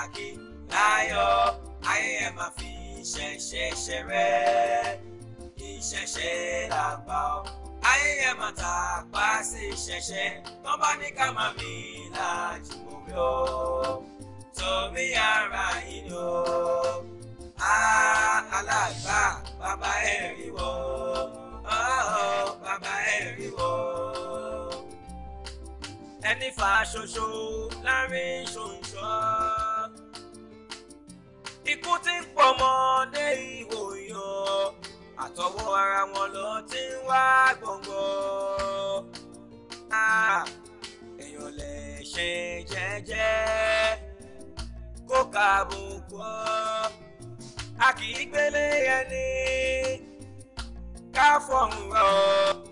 pàtàkì láyọ̀ ayé ẹ máa fi iṣẹ́ ṣe ṣe rẹ̀ ìṣẹ̀ṣe là ń bá ọ. ayé ẹ máa ta apá sí ìṣẹ̀ṣe tó bá ní ká máa mi lájú omi o torí ara yìí ni o. alágbà bàbá ẹ̀ rí wọ́ oh, bàbá ẹ̀ rí wọ́ ẹni fà ṣoṣo láàrin ṣòun. ikú ti ń pọ̀ mọ́dé ihò yọ àtọwọ́ ara wọn lọ ti ń wá gbọ̀ngàn. Ah, èèyàn lè ṣe jẹ́jẹ́ kó kàbùkù ọ́ a kì í gbélé ẹni ká fọ̀hún rọ̀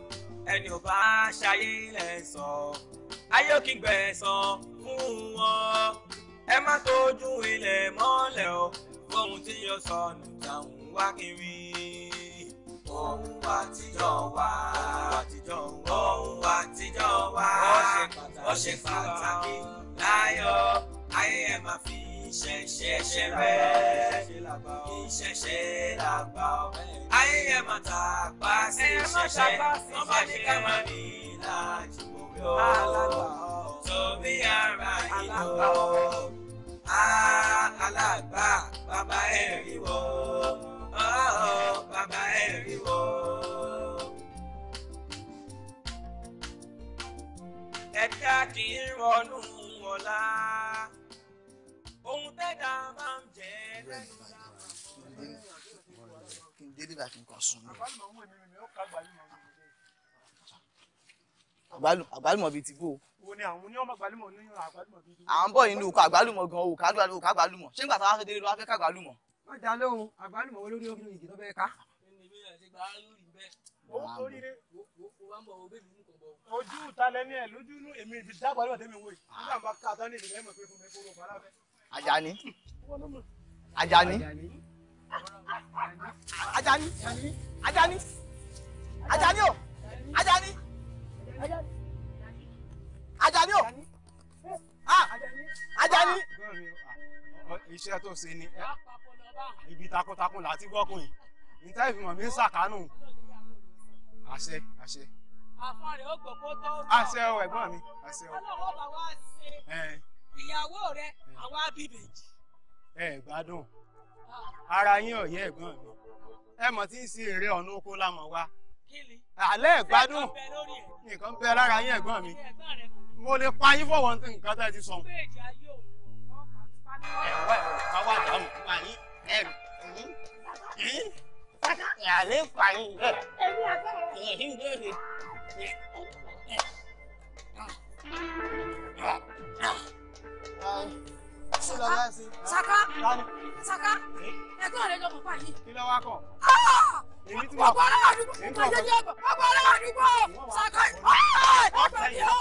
ẹni ò bá ṣayé lẹ́sọ̀ ayé ò kí fún wọn ẹ má tójú ilẹ̀ mọ́lẹ̀ o ohun tí yóò sọnù táwọn wá kiri. ohun àtijọ́ wa ohun àtijọ́ wa ó ṣe pàtàkì láyọ̀ ayé ẹ̀ máa fi ìṣẹ̀ṣẹ̀ṣẹ̀ rẹ̀ ìṣẹ̀ṣẹ̀ làgbà ọ́ ayé ẹ̀ máa tàpá sí ìṣẹ̀ṣẹ̀ wọ́n bá ní ká máa ní ìlàjì mọ́ bí ó tóbi ara ìlú alàgbà bàbá ẹ̀rí wọ̀ bàbá ẹ̀rí wọ̀. ẹ̀dá kì í rọnú ọ̀la ohun tẹ́dá máa ń jẹ́ lẹ́nu kí bíi ti o. Wo ni àwọn oníyàn àgbálùmọ̀ oníyàn àgbálùmọ̀ tuntun. À ń bọ̀ nínú òkú àgbálùmọ̀ gan òkú àgbálùmọ̀ òkú àgbálùmọ̀. Ṣé nígbà tá a ṣe délé ló wá fẹ́ ká àgbálùmọ̀? Má dá lóhùn àgbálùmọ̀ olórí obìnrin ìdí tó fẹ́ ká. Ojú ìtalẹ̀ ní ẹ̀ lójú inú èmi ìfi dágbà lọ́wọ́ tẹ́mi wò yìí. Nígbà máa ká tán ní ìdílé mọ̀ pé fún mi kó lọ bàrà fẹ́. Àjàní. Àjàní. Àjàní. Àjàní. Àjàní o. Àjàní. Àjàní ajani o ajani ah, ah, ah, iṣẹ́ tó ṣe ni ibi takuntakun láti gbọ́kùn yìí níta ìfimọ̀ mi ń ṣàkánù àṣẹ àṣẹ. àfọ̀n rẹ̀ ó gbọ́ kó tó rọ̀ àṣẹ o ẹ̀gbọ́n mi àṣẹ o. ọlọ́wọ́ bá wá ṣe ìyàwó rẹ àwa bíbèjì. ẹ gbádùn ara yín ọ̀yẹ́ ẹ̀gbọ́n mi ẹ mọ̀ tí ń ṣe eré ọ̀nà oko lámọ̀ wa. kí ni. alẹ́ gbádùn nǹkan bẹ lórí ẹ̀. nǹkan bẹ lára yín ẹ̀gbọ́n mi mo lè pa yín fọwọ́ ní nǹkan tá ẹ ti sọ. ẹ̀wọ́ ẹ̀rọ káwá dàrú pa yín ẹ̀rù yín ìyàlẹ́ pa yín bẹ́ẹ̀. ẹ̀yìn lóde. Saka! Saka! Ẹgbẹ́ ọ̀rẹ́ jọ pàpà yìí. Kí ló wá kọ̀? Ọgbà ọlọ́wà dúpọ̀! Ọgbà ọlọ́wà dúpọ̀! Saka! Ọgbà mi ọ́!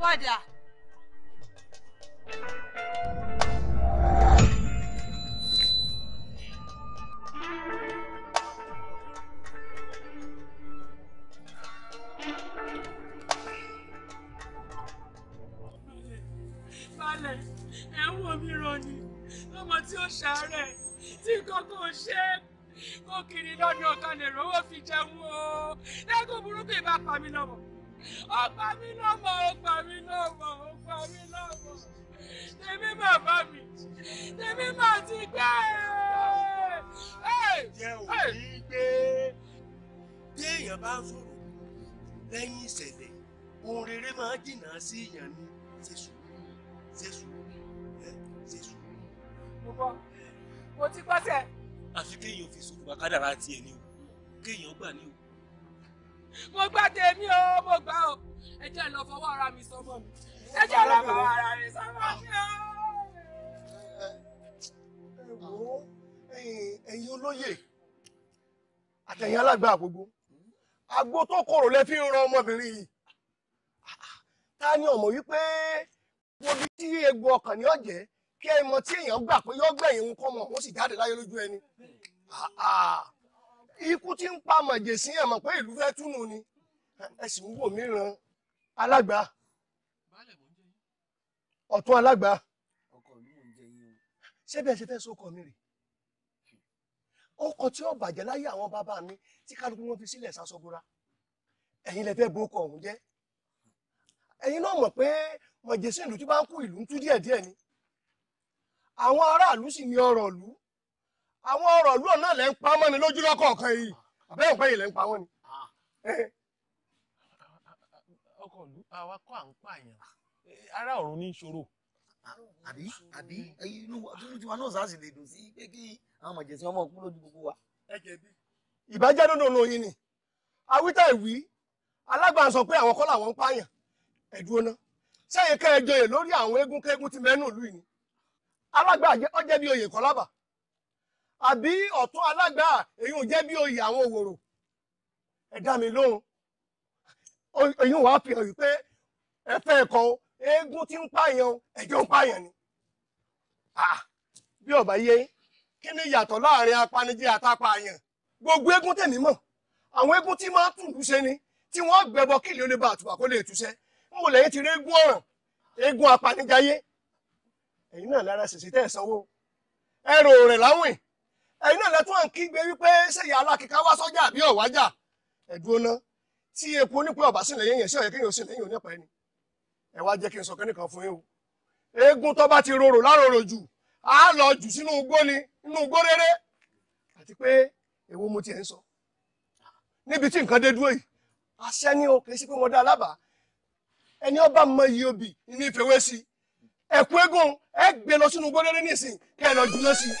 wàdà. balẹ̀ lọ́dún ọ̀kan lè rówó fi jẹun o lẹ́gùn burúkú ìbá pa mí lọ́wọ́ ọgbà mi náà mọ ọgbà mi náà mọ ọgbà mi náà mọ tèmi bàbá mi tèmi mà ti gbé ẹ jẹ òní gbé bí èèyàn bá ń sọ̀rọ̀ lẹ́yìn ìṣẹ̀lẹ̀ ohun rere máa jìnnà sí èèyàn ni ṣe sùúrù ṣe sùúrù ẹ ṣe mo ti gbọ́ tẹ. àfi kéèyàn fi sùúrù wá kádàrá tiẹ̀ ni o kéèyàn gbà ni o mo gbà tèmi o mo gbà o ẹ jẹ́ lọ fọwọ́ ara mi sọmọ mi ẹ jẹ́ lọ fọwọ́ ara mi sọmọ mi o. ẹ wo ẹ̀yin olóyè àtẹ̀yin alágbà agbo tó korò lẹ fi ń ran ọmọbìnrin yìí ta ni ọmọ wípé wo bí tí egbò ọkàn ni ó jẹ kí ẹ mọ tí èèyàn gbà pé yọ gbẹ̀yìn òun kọ́ mọ̀ sì jáde láyé lójú ẹni ikú tí ń pa màjèsí ẹ̀ mọ̀ pé ìlú fẹ́ túnú ni ẹ sì ń wò mí ran alágbà ọ̀tún alágbà ṣé bí ẹ ṣe fẹ́ sókọ mi rè ọkọ̀ tí ó bàjẹ́ láyé àwọn bàbá mi tí kálukú wọn fi sílẹ̀ sásọgbóra ẹ̀yin lẹ fẹ́ bókọ̀ ọ̀hún jẹ́ ẹ̀yin náà mọ̀ pé màjèsí ìlú tí bá ń kú ìlú ń tú díẹ̀díẹ̀ ni àwọn aráàlú sì ní ọrọ̀ ìlú àwọn ọ̀rọ̀ ìlú náà lẹ́ ń pa mọ́ ni lójú lọ́kọ̀ọ̀kan yìí bẹ́ẹ̀ ń pẹ́ yìí lẹ́ ń pa wọ́n ni. ọkọ̀ ìlú àwa kọ́ à ń ará ọ̀run ní ìṣòro. àbí àbí inú tiwa náà lè dùn sí pé kí àwọn ọmọ kú lójú gbogbo wa. pé àwọn làwọn ń ẹ lórí àwọn eégún àbí ọ̀tún alágbà èyí ò jẹ́ bí oyè àwọn òwòrò ẹ dá mi lóhùn èyí ò wá fi hàn wípé ẹ fẹ́ ẹ̀kọ́ eégún tí ń pààyàn ẹ̀jọ̀ ń pààyàn ni ah, bí ọ̀bá yé kí ni ìyàtọ̀ láàrin apanijẹ́ àtàpààyàn gbogbo eégún tèmi mọ̀ àwọn eégún tí máa ń tùlù ṣe ni tí wọ́n gbẹbọ kí ilé olè bá àtùbà kó lè túṣẹ́ ń wò lẹ́yìn ti rí eégún ọ̀ràn eégún apanijayé ẹ̀yin náà lára ṣèṣe tẹ́ ẹ̀ sanwó ẹrù rẹ̀ láwìn ẹ̀yin náà lẹ́tọ́ ń kígbe wípé ṣèyà alákìíká wá sọ́jà àbí ọ̀wájà ẹ̀dúró ná tí epo onípẹ́ ọ̀bá sì lẹ́yìn yẹn sí ọ̀yẹ́ kéèyàn sì lẹ́yìn onípa ẹni ẹ wá jẹ́ kí n sọ kẹ́ni fún yín o eégún tó bá ti rorò láròrò jù á lọ jù sínú ugbó ni inú ugbó rere àti pé èwo mo tiẹ̀ ń sọ níbi tí nǹkan dé dúró yìí àṣẹ ni o kì í sí pé mo dá alábàá ẹni ọba mọ iye obì ní ìfẹ́wé sí ẹ̀kú eégún ẹ gbé lọ sínú ugbó rere nísìnyí kẹ́ ẹ lọ jù lọ sí i.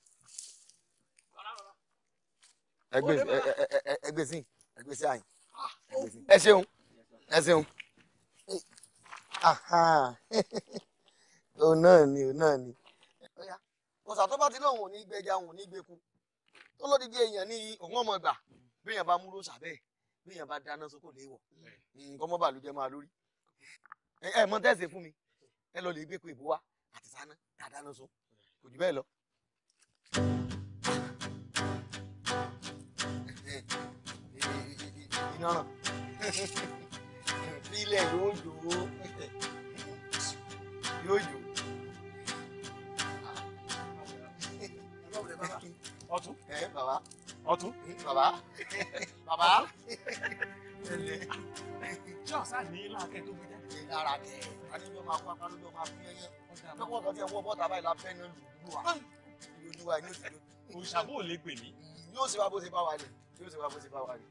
ẹgbẹ́ ẹgbẹ́ sí ẹgbẹ́ sí àyìn ah, ẹ ṣeun ẹ ṣeun òun náà ni òun náà ni. ọ̀sà tó bá ti lóun ò ní gbẹja òun ò ní gbẹku tó ló dìde èèyàn ní òun ọmọ ìgbà bí èèyàn bá múrò sàbẹ̀ bí èèyàn bá dáná sókò léèwọ̀ nǹkan mọ́ bàlújẹ́ máa lórí. ẹ mọ tẹ́sí fún mi ẹ lọ lè gbé ko ìbò wa àti sáná dáadáa náà so kò jù bẹ́ẹ̀ lọ. yànràn sílẹ̀ yóò yòó yóò yòó. ọtún. ẹ bàbá. ọtún. bàbá. bàbá. ẹlẹ. ṣé ọ̀sán ní láàkẹ́ tó gbé jáde. ara kẹ adébíyàn máa kó apá lójó máa fún yẹyẹ lọ́wọ́ kan tí ẹ wọ́ bọ́ta báyìí la fẹ́ náà lù wá lù wá ní òṣèlú. òṣàbò lè pè mí. yóò ṣe wá bó ṣe bá wa lè yóò ṣe wá bó ṣe bá wa lè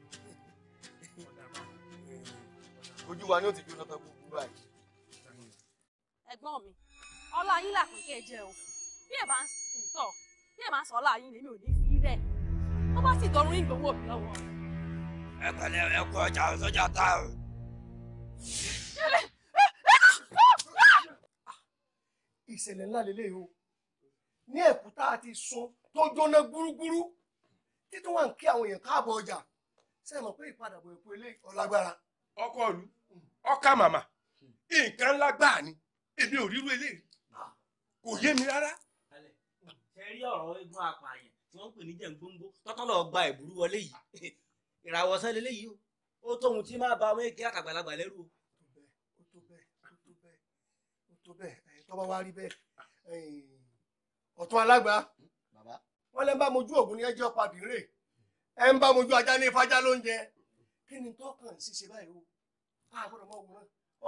ojú wa ni ó ti jóná tán gbogbo báyìí. ẹ̀gbọ́n mi ọlá yín là pín kẹ́ jẹ o bí ẹ̀ bá ń tọ̀ bí ẹ̀ bá ń sọ ọlá yín lèmi ò ní fi rẹ̀ tó bá sì dọrùn ìgbòho mi lọ́wọ́. ẹ pẹ̀lẹ́ ẹ kú ọjà sójà tá o. ìṣẹ̀lẹ̀ ńlá lélẹ́yìí o ní ẹ̀kúta àti sun tó jóná gbúrúgbúrú títún wà ń kí àwọn èèyàn káàbọ̀ ọjà sẹ́yìn mọ̀ pé ìpadàbọ̀ èkó ilé ọ̀lágbára. ọkọ ìlú ọkà màmá nǹkan ńlá gbáà ni èmi ò ríru eléyìí kò yé mi rárá. ṣe rí ọ̀rọ̀ eégún apààyàn tí wọ́n ń pè ní jẹ̀ǹgbóńgbó tọ́tọ́ lọ gba ìbúrú wọlé yìí ìràwọ̀ sẹ́ lélẹ́yìí o ó tóhun tí máa ba ọmọ èké àtàgbàlagbà lẹ́rù o. ó tó bẹ́ẹ̀ ó tó bẹ́ẹ̀ ó tó bẹ́ẹ̀ tọ́ba wa rí bẹ́ẹ̀ ọ̀tún alágbá wọ́n lẹ́ ń bá mojú ògùn ní ẹjọ́ padì rè ẹ ń bá mojú ajá ní ifájá lóúnjẹ kí ni tó kàn ṣe báyìí o àgbọ̀dọ̀ mọ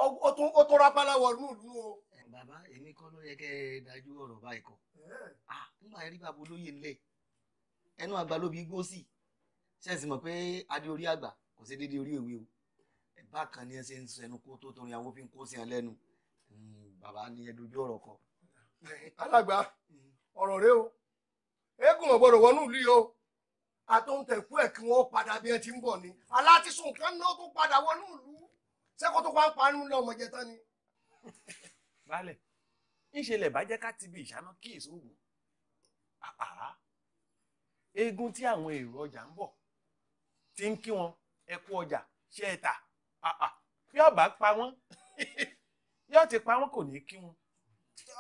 ògùn náà ó tó rápálá wọ inú ìlú o. bàbá èmi kọ́ ló yẹ kẹ́ ẹ dájú ọ̀rọ̀ báyìí kọ́ nígbà yẹn rí bàbá olóyè ńlẹ̀ ẹnu àgbà ló bí gbó sí ṣẹ́ẹ̀sì mọ̀ pé adé orí àgbà kò sí déédéé orí òwe o ẹ̀bá kan ni ẹ ṣe ń sọ ẹnu kó tó torí àwọn òfin kó sí ẹ lẹ́nu hmm, bàbá ni ẹ dojú ọ̀rọ̀ kọ. alàgbà ọ̀rọ̀ rẹ o eégún ọ̀gbọ́dọ̀ wọnú ìlú yìí o àtọ̀ǹtẹ̀kú ẹ̀ kí wọ́n padà bí ẹ ti ń bọ̀ ni alátìsùn kan náà tó padà wọnú ìlú ṣé kó tó wá parun lọ ọmọ jẹ tán ni. balẹ̀ ìṣẹ̀lẹ̀ bàjẹ́ ká ti bi ìṣáná kíyèsí òògùn eégún tí àwọn èrò ọjà ń bọ̀ ti ń kí wọn ẹ ọjà ṣe é tà bí ọba pa wọn yóò ti pa wọn kò ní kí wọn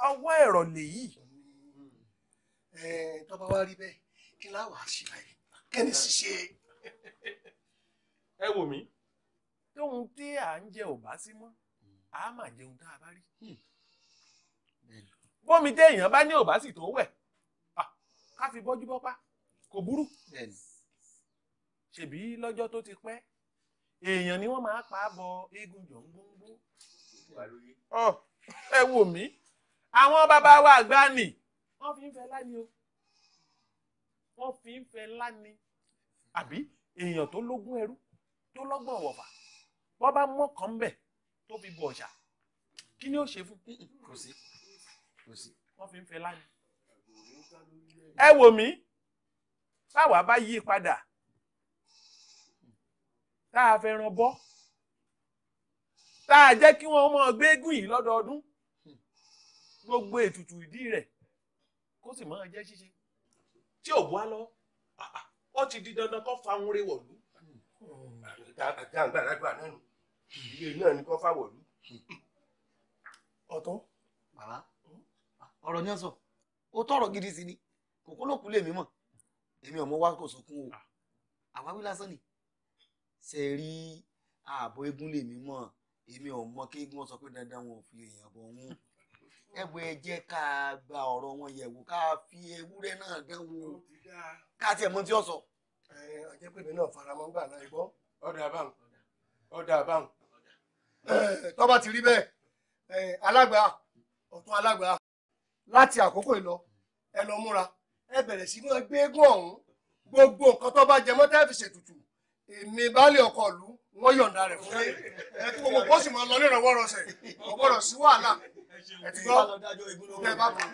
ọwọ́ ẹ̀rọ lèyí. tọ́ba wa rí bẹ́ẹ̀ kí láwàá ṣe báyìí kẹ́ni ṣiṣẹ́. ẹ wò mí tóun tí à ń jẹ ò bá sí mọ́ hmm. a máa jẹun tá a bá rí. Hmm. bómi téèyàn bá ní ò bá sì tó wẹ̀ ká fi bọ́jú bọ́pá kò burú. ṣèbí lọ́jọ́ tó ti pẹ́ èèyàn ni wọ́n máa pa á bọ eégún jọ̀ǹgbòǹgbò. ẹ wò mí àwọn bàbá wa àgbà nì wọ́n fi ń fẹ́ láni o wọ́n fi ń fẹ́ láni àbí èèyàn tó lógún ẹrú tó lọ́gbọ̀n wọ̀fà bọ́ bá mọ́kàn ń bẹ̀ tó fi bu ọ̀ṣà kí ni ó ṣe fún kò sí kò sí wọ́n fi ń fẹ́ láyé. ẹ wò mí táwa bá yí padà tá a fẹ́ ran bọ́ tá a jẹ́ kí wọ́n máa gbégùn yìí lọ́dọọdún gbogbo ètùtù ìdí rẹ̀ kó sì máa jẹ́ ṣíṣe tí ò bọ́ á lọ ó ti di dandan kó fa ohun rẹ̀ wọ̀lú ilé náà ni kọ́ fàwọ̀lú. ọ̀tún. bàbá ọ̀rọ̀ ni ó sọ ó tọrọ gidi sí ni kòkó ló kú lèmi mọ̀ èmi ọmọ wa kò sọkún o àwáwí lásán ni ṣe rí ààbò eégún lèmi mọ̀ èmi ò mọ kí eégún sọ pé dandan wọn ò fi èèyàn bọ̀ wọn ẹgbẹ́ ẹ jẹ́ ká gba ọ̀rọ̀ wọn yẹ̀wò ká fi ewúrẹ́ náà dánwò ká tiẹ̀ mọ tí ó sọ. ẹ ọjọ́ pé mi náà faramọ́ gbà náà gbọ́. ọ̀dà àbáhùn ọ̀dà àbáhùn Eh, tó bá ti rí bẹ́ẹ̀ eh, alágbà ọ̀tún alágbà láti àkókò ìlọ ẹ lọ múra ẹ bẹ̀rẹ̀ sí máa gbé eégún ọ̀hún gbogbo nǹkan tó bá jẹ mọ́ tẹ́ fi ṣètùtù èmi baálé ọkọ ìlú wọ́n yọ̀ǹda rẹ̀ fún mi ẹ kí gbogbo kó sì máa lọ nírànwọ́ rọ̀ṣẹ̀ ọ̀gbọ́dọ̀ sí wàhálà ẹ ti gbọ́ ẹ bá kọ́.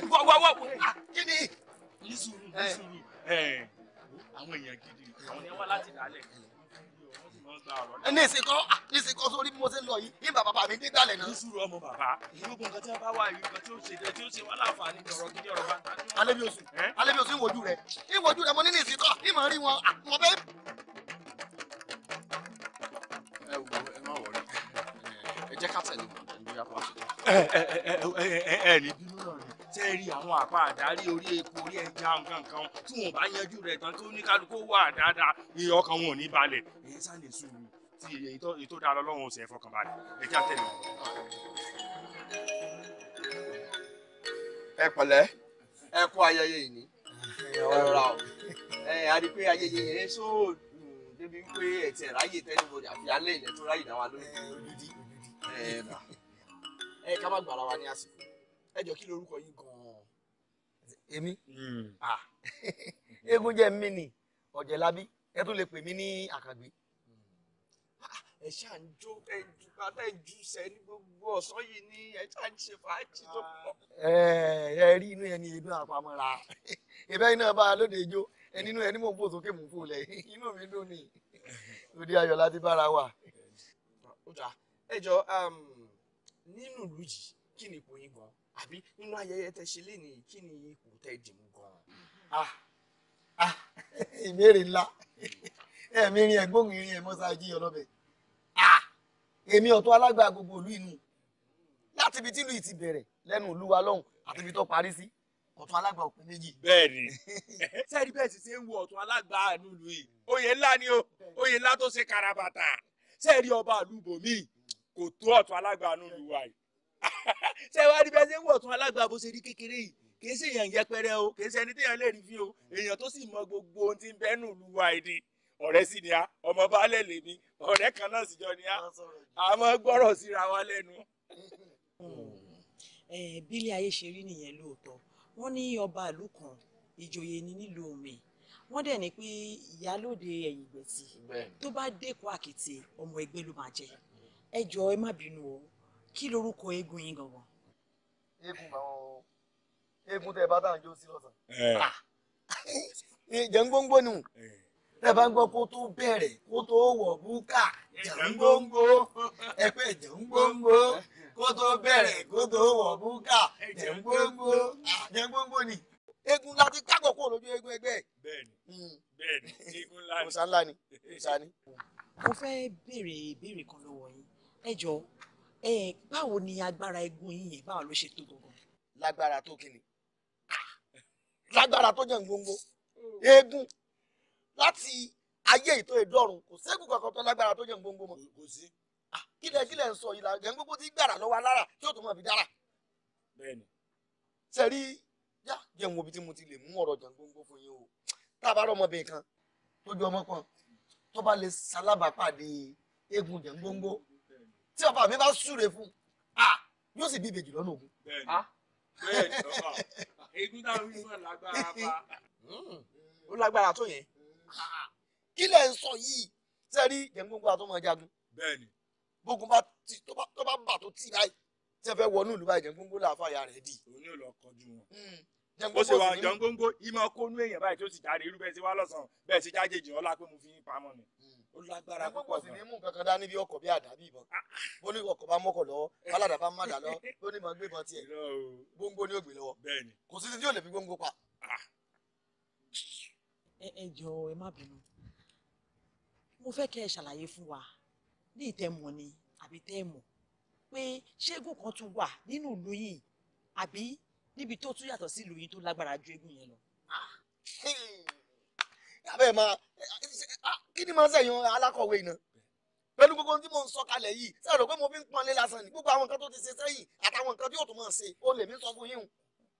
wọ wọ wọ kí ni. ní sùúrù ní eh. sùúrù eh, àwọn èèyàn gidi àwọn èèyàn wá láti dálẹ̀ eh, ní ìsìnkọ́ ah, ní ìsìnkọ́ sórí bí mo ṣe ń lọ yìí ní bàbá bàbá mi nígbàlẹ̀ náà. nísùúrù ọmọ bàbá gbogbo nǹkan tí wọn bá wà yìí nǹkan tí ó ṣe tí ó ṣe wá láǹfààní ọ̀rọ̀ gidi ọ̀rọ̀ bá ń tàbí. alẹ́bí oṣù alẹ́bí oṣù ìwòjú rẹ̀ ìwòjú rẹ̀ mo ní ní ìsìnkọ́ ìmọ̀ rí wọn ah, mo fẹ́. ẹ wo ẹ má wọlé ẹ jẹ́ ká tẹ̀lé wọn ẹ ní bóyá pàṣẹ. ẹ ẹ ẹ ẹ ní bínú tẹ́ẹ̀rì àwọn àpá àdárí orí epo orí ẹja nǹkan kan tí wọn bá yanjú rẹ̀ tán tó ní kálukú wà dáadáa iye ọkàn wọn ò ní balẹ̀ èyí sá sùúrù tí èyí tó dára lọ́wọ́ ọ̀sẹ̀ fọkàn balẹ̀ ẹja tẹ̀lé. ẹ pẹ̀lẹ́ ẹ kú ayẹyẹ yìí ní ọ̀rọ̀ ẹ a pé ayẹyẹ yẹn sọ mm, débi pé ẹ̀tẹ̀ ráyè tẹ́lifọ̀dì àfi alẹ́ ilẹ̀ tó ráyè dáwà lórí ẹ̀ ká má gbàrà wa ní àsìkò ẹ jọ kí lorúkọ yín gan-an. èmi hmm. eégún jẹ́ mi ni ọ̀jẹ̀lábí ẹ tún lè pè mí ní àkàgbé. Hmm. ẹ ṣáà ń jó ẹ ju pátá ẹ ju sẹ ní gbogbo ọ̀sán yìí ní ẹ ṣáà ń ṣe fàájì tó pọ̀. Ah. ẹ ẹ rí inú ẹ ní inú àpamọ́ra ìbẹ́ iná bá a lóde ijó ẹ nínú ẹ ní mò ń fò sókè mò ń fò lẹ̀ inú mi dùn ni òde ayọ̀ láti bára wà. ó dáa ẹ jọ um, nínú ìlú yìí kí ni ipò yín gan-an àbí nínú ayẹyẹ tẹ ṣe lénìí kí ni ipò tẹ dìmú gan ah ah ìbéèrè ńlá ẹ̀mí rin ẹ̀gbóhùn irin ẹ̀ mọ́sá jí ọlọ́bẹ̀ ah èmi ọ̀tún alágbà gbogbo ìlú inú láti ibi tílùú ti bẹ̀rẹ̀ lẹ́nu ìlú wa lọ́hùn àti ibi tó parí sí ọ̀tún alágbà òpin méjì. bẹ́ẹ̀ni sẹẹri bẹ́ẹ̀ sì ṣe ń wo ọ̀tún alágbà ìlú yìí oyè ńlá ni o oyè ńlá tó ṣe karabata sẹẹri ọba ìlú bòmíì kò tó ọ̀tún alágbà ìlú wa yìí ṣé wàá rí bẹ́ẹ̀ ṣe ń wọ̀ tún alágbà bó ṣe rí kékeré yìí kì í ṣe èèyàn yẹpẹrẹ o kì í ṣe ẹni téèyàn lè rí fi o èèyàn tó sì mọ gbogbo ohun tí ń bẹ́ẹ̀ nù lùwà èdè ọ̀rẹ́ sì ni a ọmọ baálẹ̀ lèmi ọ̀rẹ́ kan náà sì jọ ni a àmọ́ gbọ́rọ̀ síra wa lẹ́nu. Eh, bílẹ̀ ayé ṣe rí nìyẹn lóòótọ́ wọ́n ní ọba ìlú kan ìjòyè ni nílùú mi wọ́n dẹ̀ ní pé ìyálóde ẹ̀yìn ìgbẹ̀tì tó bá dẹ́kun àkìtì ọmọ ẹgbẹ́ ló máa jẹ ẹ ẹ má bínú o kí lorúkọ eégún yín gangan. eégún àwọn eégún tẹ bá tá à ń jó sí lọ́sàn. Ah. jẹ̀ngbóngbó nù tẹ bá ń gbọ́ kó tó bẹ̀rẹ̀ kó tó wọ̀ búkà jẹ̀ngbóngbó ẹ pé jẹ̀ngbóngbó kó tó bẹ̀rẹ̀ kó tó wọ̀ búkà jẹ̀ngbóngbó ah, jẹ̀ngbóngbó ni eégún ńlá ti kágọ̀ kúrò lójú eégún ẹgbẹ́. bẹ́ẹ̀ni hmm. bẹ́ẹ̀ni eégún ńlá ni. musa ńlá ni musa ni. mo fẹ́ béèrè ìbéèrè kan lọ́wọ́ yín ẹ jọ̀ọ́ ẹ báwo ni agbára egun yín yẹn báwo ló ṣe tó gbogbo. lágbára tó kìnnì lágbára tó jẹ́ gbogbo eegun láti ayé ìtò ìdọ́rùn kò ségun kankan tó lágbára tó jẹ́ gbogbo mọ́. kò sí. kílẹ̀ ah, kílẹ̀ ń sọ ìlà gẹ̀ ń gbogbo tí gbàrà lọ́wọ́ alára tí ó tún mọ̀ fi dára. bẹ́ẹ̀ni. sẹ́rí yá jẹun obi tí mo ti lè mú ọ̀rọ̀ jẹun gbogbo fún yín o tá a bá rọmọbìnrin kan tó ju ọmọ kan tó bá lè ṣalábàápàdé eegun jẹun gbogbo tí bàbá mi bá súre fún yóò sì bí ìbejì lọ́nà ogun. egun dáhùn iná lágbára pa. Hmm. ó lágbára tó yẹn. kí lẹ̀ ń sọ yìí ṣe rí jẹ̀ngbọ̀ngbọ̀ àtọ́mọ jagun. bógun bá ti tó bá bà tó tì báyìí tí ẹ fẹ́ wọnú ìlú báyìí jẹ̀ngbọ̀ngbọ̀ làáfàyà rẹ̀ dì. òun yóò lọ kọjú wọn hmm. ó sì wà jọ̀ǹgóńgó ìmọ̀ kónú èèyàn báyìí tó sì jáde irú bẹ́ẹ̀ sí wá lọ́sàn-án bẹ́ẹ̀ sí jáde jù ọ́ lápẹ́ mo fi yín pamọ́ ni ó lágbára púpọ̀ gan. ẹgbẹ́ kò sì ní mú kankan dání bí ọkọ̀ bí àdá bí ìbọn bó ní ọkọ̀ bá mọ́kọ̀ lọ́wọ́ bálàdà bá má dà lọ ló ní ma gbé ìbọn tiẹ̀ gbóngbó ní ògbè lọ́wọ́ kò sí tí yóò lè fi gbóngbó pa. Ah. ẹ jọ ẹ má bínú mo fẹ́ kẹ́ ẹ ṣàlàyé fún wa ní ìtẹ̀mọ̀ ni àbí tẹ́ẹ̀mọ̀ pé ṣé eégún kan tún wà nínú ìlú àbí níbi tó tún yàtọ̀ sí ìlú tó lágbára ju eégún yẹn lọ. Ah. abẹ́ máa kí ni máa sẹ̀yìn alákọ̀wé iná pẹ̀lú gbogbo tí mo ń sọ kalẹ̀ yìí sẹ́yìn rò pé mo fi ń pọnlé lásán ni gbogbo àwọn nǹkan tó ti ṣe sẹ́yìn àtàwọn nǹkan tí yóò tún máa ṣe ó lè mí sọ fún yín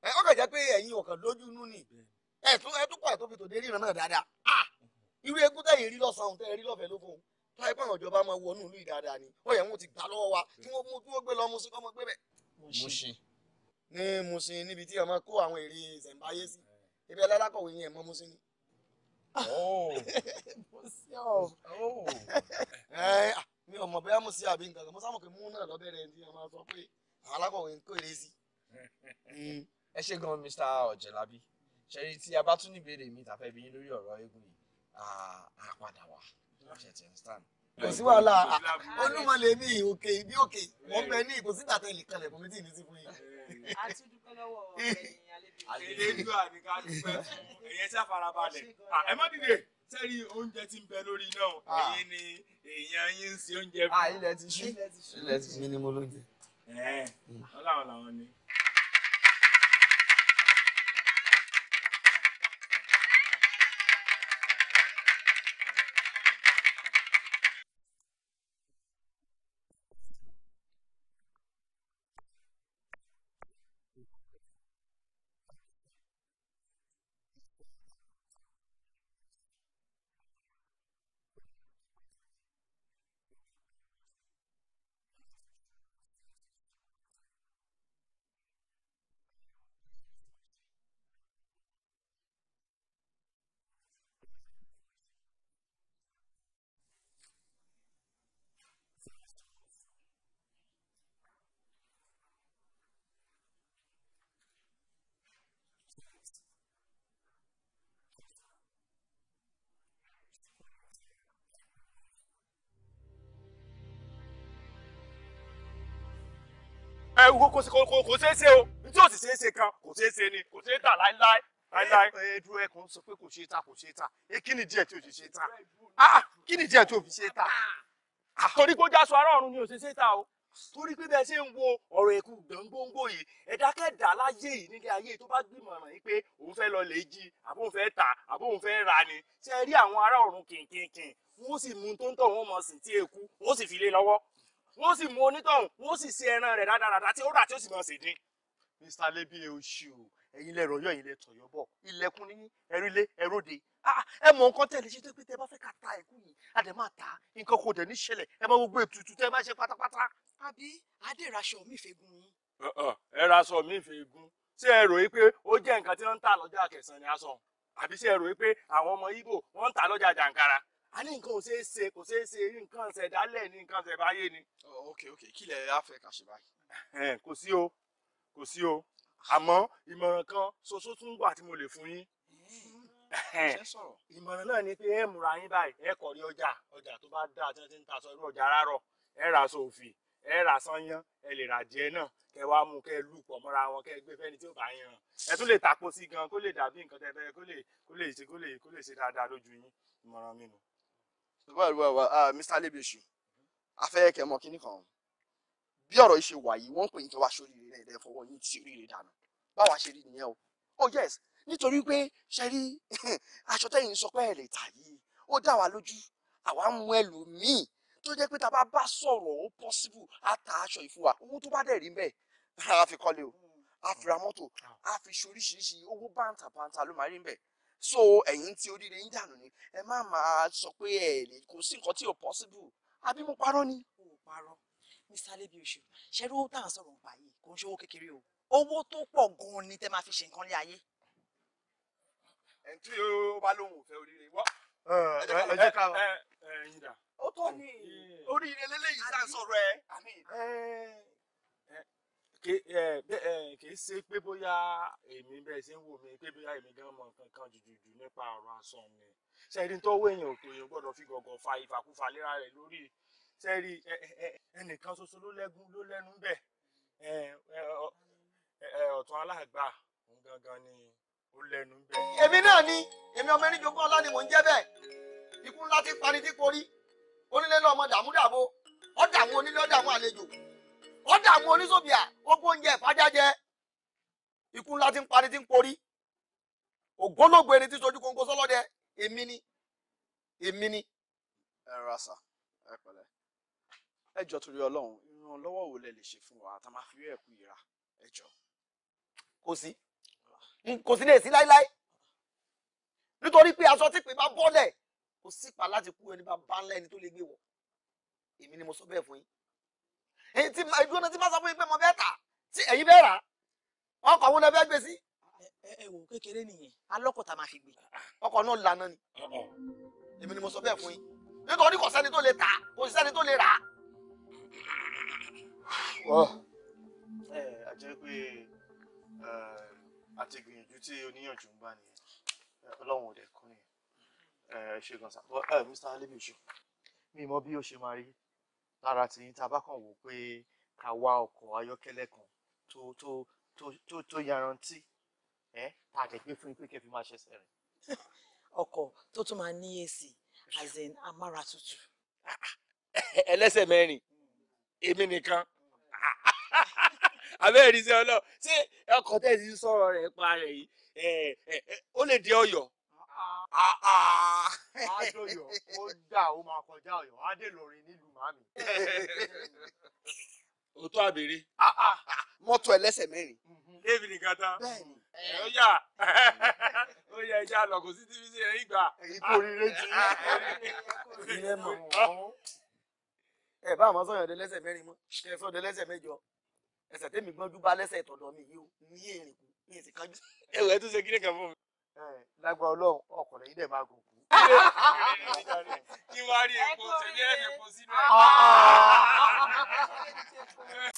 ẹ ọkàn jẹ́ pé ẹ̀yin ọ̀kàn lójú inú ni ẹ tún ẹ tún kọ̀ ẹ̀ tó fi tòde ríran náà dáadáa irú egun tẹ̀yìn rí lọ́sàn-án tẹ̀ rí lọ́fẹ̀ẹ́ lófo tó ẹ pàwọn ìjọba máa wọnú ìlú ìdáadáa ni ó yẹ wọn ti gbà lọ́wọ́ wa tí wọ́n Oh. mo sí ọ oh. eh, ah, mi ò mọ̀ bẹ́ẹ̀ mo sí àbí nǹkan kan mo sábà pé mú náà lọ́bẹ̀rẹ̀ ẹni tí a máa sọ pé alákọ̀wé hmm. ẹ ṣe gan Mr. Ọ̀jẹ̀lábí ṣẹ́rí tí a bá tún ní ìbéèrè mi tàfẹ́ bí yín lórí ọ̀rọ̀ eégún yìí á padà wá ṣe ti understand. kò sí wàhálà olúmọ lè ní òkè ní òkè wọ́n bẹ ní ìkòsígbà tẹ̀lé kalẹ̀ kò ní tì ní sí fún yín. a ti dúpẹ́ lọ́wọ́ ọ̀rẹ́ yẹn elédùn àníká dúpẹ́ ẹ̀yẹ sá farabalẹ̀ ẹ má dìde sẹ́rí oúnjẹ tí ń bẹ lórí náà ẹ̀yin ni èèyàn yín ń ṣe oúnjẹ ilẹ̀ ti ṣú ilẹ̀ ti ṣú ni mo lóúnjẹ. Mm. ọlọ́run làwọn ni. ewu kò ṣeé ṣe o tí ò sì ṣeé ṣe kan kò ṣeé ṣe ni kò ṣeé tà láíláí láíláí. ẹ dúró ẹ sọ pé kò ṣeé tà kò ṣeé tà ẹ kí ni díẹ̀ tí o ṣe ṣeé tà ah, ah, kí ni díẹ̀ tí o fi ṣeé tà. Ah. torí kó jáso ará ọ̀run ni ò ṣe ṣeé tà o torí pé bẹ́ẹ̀ ṣe ń wo ọ̀rọ̀ ẹ̀kú gbòǹgbò yìí ẹ̀dákẹ́dà láyé yìí nílé ayé tó bá gbìmọ̀ràn wọ́n sì mú onítọ̀hún wọ́n sì ṣe ẹran rẹ̀ rádaràdá tí ó rà tí ó sì máa ṣèdín. mr lebi oṣù ẹ̀yin lẹrọ yọ ẹ̀yin lẹ tọyọ bọ ilẹ̀kùn ní ẹrílé ẹróde ẹ mọ nǹkan tẹ́lẹ̀ ṣe tó pé tẹ́ bá fẹ́ ká ta ẹkú yìí a máa ta nǹkan kò dẹ ní ṣẹlẹ̀ ẹ máa gbogbo ètùtù tẹ́ bá ṣe pátápátá. àbí adéraṣọ mi fẹ́ gun yín. ẹ raṣọ mi fẹ́ gun ṣé ẹ rò yí pé ó jẹ́ nǹkan tí wọ́n ń tà lọ́jà kẹsàn-án ni aṣọ àbí ṣé ẹ rò pé àwọn ọmọ Ìgbò wọ́n ń tà lọ́jà jàǹkàrà a ní nǹkan ò ṣeé ṣe kò ṣeé ṣe nǹkan ṣẹ̀dálẹ̀ ní nǹkan ṣẹ̀báyé ni. Oh, ok ok kí lẹ á fẹ́ ká ṣe báyìí. kò sí o kò sí o àmọ́ ìmọ̀ràn kan ṣoṣo tún wà tí mo lè fún yín. ìmọ̀ràn náà ni pé ẹ múra yín báyìí ẹ kọ̀rí ọjà ọjà tó bá dáa tí wọ́n ti ń taṣọ irú ọjà rárọ̀ ẹ ra sòfì ẹ ra sányán ẹ lè ra jẹ náà kẹ wá mú kẹ lù pọ̀ mọ́ra wọn kẹ gbé fẹ́ni tí ó bá yan ẹ tún lè tàpó sí gan kó lè dàbí nǹkan tẹ fẹ́ kó lè kó lè ṣe kó lè kó lè ṣe dáadáa lójú yín ìmọ̀ràn mi nù well well well uh, Mr. Alebeshi afẹ́ kẹ́ mọ̀ kínní kan bí ọ̀rọ̀ yìí ṣe wà yìí wọ́n ń pè ní kí wá sórí rẹ̀ ẹ̀ fọwọ́ yín tí oríire dànù báwa ṣe rí nìyẹn o oh yes nítorí pé ṣe rí aṣọ tẹ́yìn sọ pé ẹ̀ lè tà yìí ó dá wa lójú àwa ń mú ẹlòmíì tó jẹ́ pé tá a bá bá sọ̀rọ̀ ó possible á ta aṣọ yìí fún wa owó tó bá dẹ̀ rí bẹ́ẹ̀ á fi kọ́lé o á fi ra mọ́tò á fi ṣoríṣiríṣi owó bántàbántà ló máa rí bẹ́ẹ̀ so ẹ̀yin tí oríire yín dànù ni ẹ má máa sọ pé ẹ lè kò sí nǹkan tí ò possible àbí mo parọ́ ni. o ò parọ́ mr Alebiosu ṣẹ́rí owó tá à ń sọ̀rọ̀ nípa yìí kò ń ṣe owó kékeré o owó tó pọ̀ gan-an ni tẹ́ máa fi ṣe nǹkan lé ayé. ẹ̀ ń tí ó bá lóun ò fẹ́ oríire wọ́. ẹ jẹ́ ká ẹ ẹ yín dà. ó tọ́ ni oríire lélẹ́yìí tá à ń sọ̀rọ̀ ẹ kì í ṣe pé bóyá èmi bẹ́ẹ̀ ṣe ń wò mí pé bóyá èmi gan mọ nǹkan kan jùjùjù nípa ọ̀rọ̀ aṣọ mi ṣẹ́ẹ́rì tó wé èèyàn tó yẹn gbọ́dọ̀ fi gọ̀gọ̀ fa ìfàkúfà léra rẹ̀ lórí ṣẹ́ẹ́rì ẹnìkan ṣoṣo ló lẹ́gùn ló lẹ́nu bẹ̀ ọ̀tún aláàgbà òun gangan ni ó lẹ́nu bẹ̀. èmi náà ni èmi ọmọ ẹni jogún ọlá ni mò ń jẹ́ bẹ́ẹ̀ ikú ńlá ti parí tí korí onílé náà ọmọ dààmú dààbò ọ̀dààmú ó dààmú oníṣòbíà ó gbóúnjẹ ìfájájẹ ikú ńlá ti ń parí ti ń porí ògbólógbò ẹni tí sojú kóńkó sọlọ́dẹ èmi ni èmi ni. ẹ rasa ẹ pẹ̀lẹ́ ẹ jọ torí Ọlọ́run ìrànlọ́wọ́ wo lẹ lè ṣe fún wa tá a máa fi rí ẹkú ìra ẹ jọ. kò sí kò sí lè sí láíláí nítorí pé aṣọ tí pè bá bọ́lẹ̀ kò sípa láti kú ẹni bá bá ńlá ẹni tó lè gbé wọ̀ èmi ni mo sọ bẹ́ẹ̀ fún yín èyí tí ìdúró náà ti máa pé mo bẹ́ẹ̀ tà tí ẹ̀yin bẹ́ẹ̀ rà ọkọ̀ òun lẹ fẹ́ gbé sí. ẹ wò kékeré nìyẹn alọ́kọ̀ tá a máa fi gbé. ọkọ̀ náà lànà ni èmi ni mo sọ bẹ́ẹ̀ fún yín nítorí kò sẹ́ni tó lè tà kò sẹ́ni tó lè rà. wọ́ ẹ a jẹ́ pé àtìgbìyànjú tí oníyànjú ń bá nìyẹn ọlọ́run ò dẹ̀ kọ́ nìyẹn ẹ ṣe gan sa ẹ Mr. Alebisho mi mọ bí ó ṣe máa rí lára tiyín tá a bá kàn wò pé ká wá ọkọ̀ ayọ́kẹ́lẹ́ kan tó tó tó tó tó yarantí ẹ tá a lè gbé fún yín pé kẹ́ fi máa ṣẹ̀ṣẹ̀ rìn. ọkọ̀ tó tún máa ní èsì as in amára tutù. ẹlẹ́sẹ̀ mẹ́rin hmm. èmi nìkan abẹ́rẹ́ ìṣẹ́ ọlọ́ọ̀ ṣé ọkọ̀ tẹ̀sí sọ̀rọ̀ rẹ̀ pa rẹ̀ yìí ó lè dé Ọ̀yọ́. Adóyọ̀ ah, ah. ó dà ó máa kọjá Ọ̀yọ́, Adé lórin nílùú màmí. Òótọ́ àbèrè. Ah, Mọ́tò ẹlẹ́sẹ̀ mẹ́rin. David mhm. Nkata. Bẹ́ẹ̀ni. Ó yà ó yẹ ẹja lọ kò sí tíbi sí ẹ̀yìn gbà. Ipò rire ti ilé mọ̀ wọ́n. Ẹ bá àwọn sọ̀yàn dẹlẹ́sẹ̀ mẹ́rin mọ́, ẹ sọ dẹlẹ́sẹ̀ mẹ́jọ. Ẹsẹ̀ tẹ́mi gbọ́njú bá lẹ́sẹ̀ tọ̀dọ̀ mi yìí ó ní èrè kù, ní èsì kanjú. Ẹ̀wẹ̀ tún ṣe kíni kan fún mi lágbára ọlọ́run ọkùnrin yìí dẹ̀ máa gùn kú. kí wàá rí epo tẹ̀lé ẹ̀fẹ̀ epo sínú ẹ̀.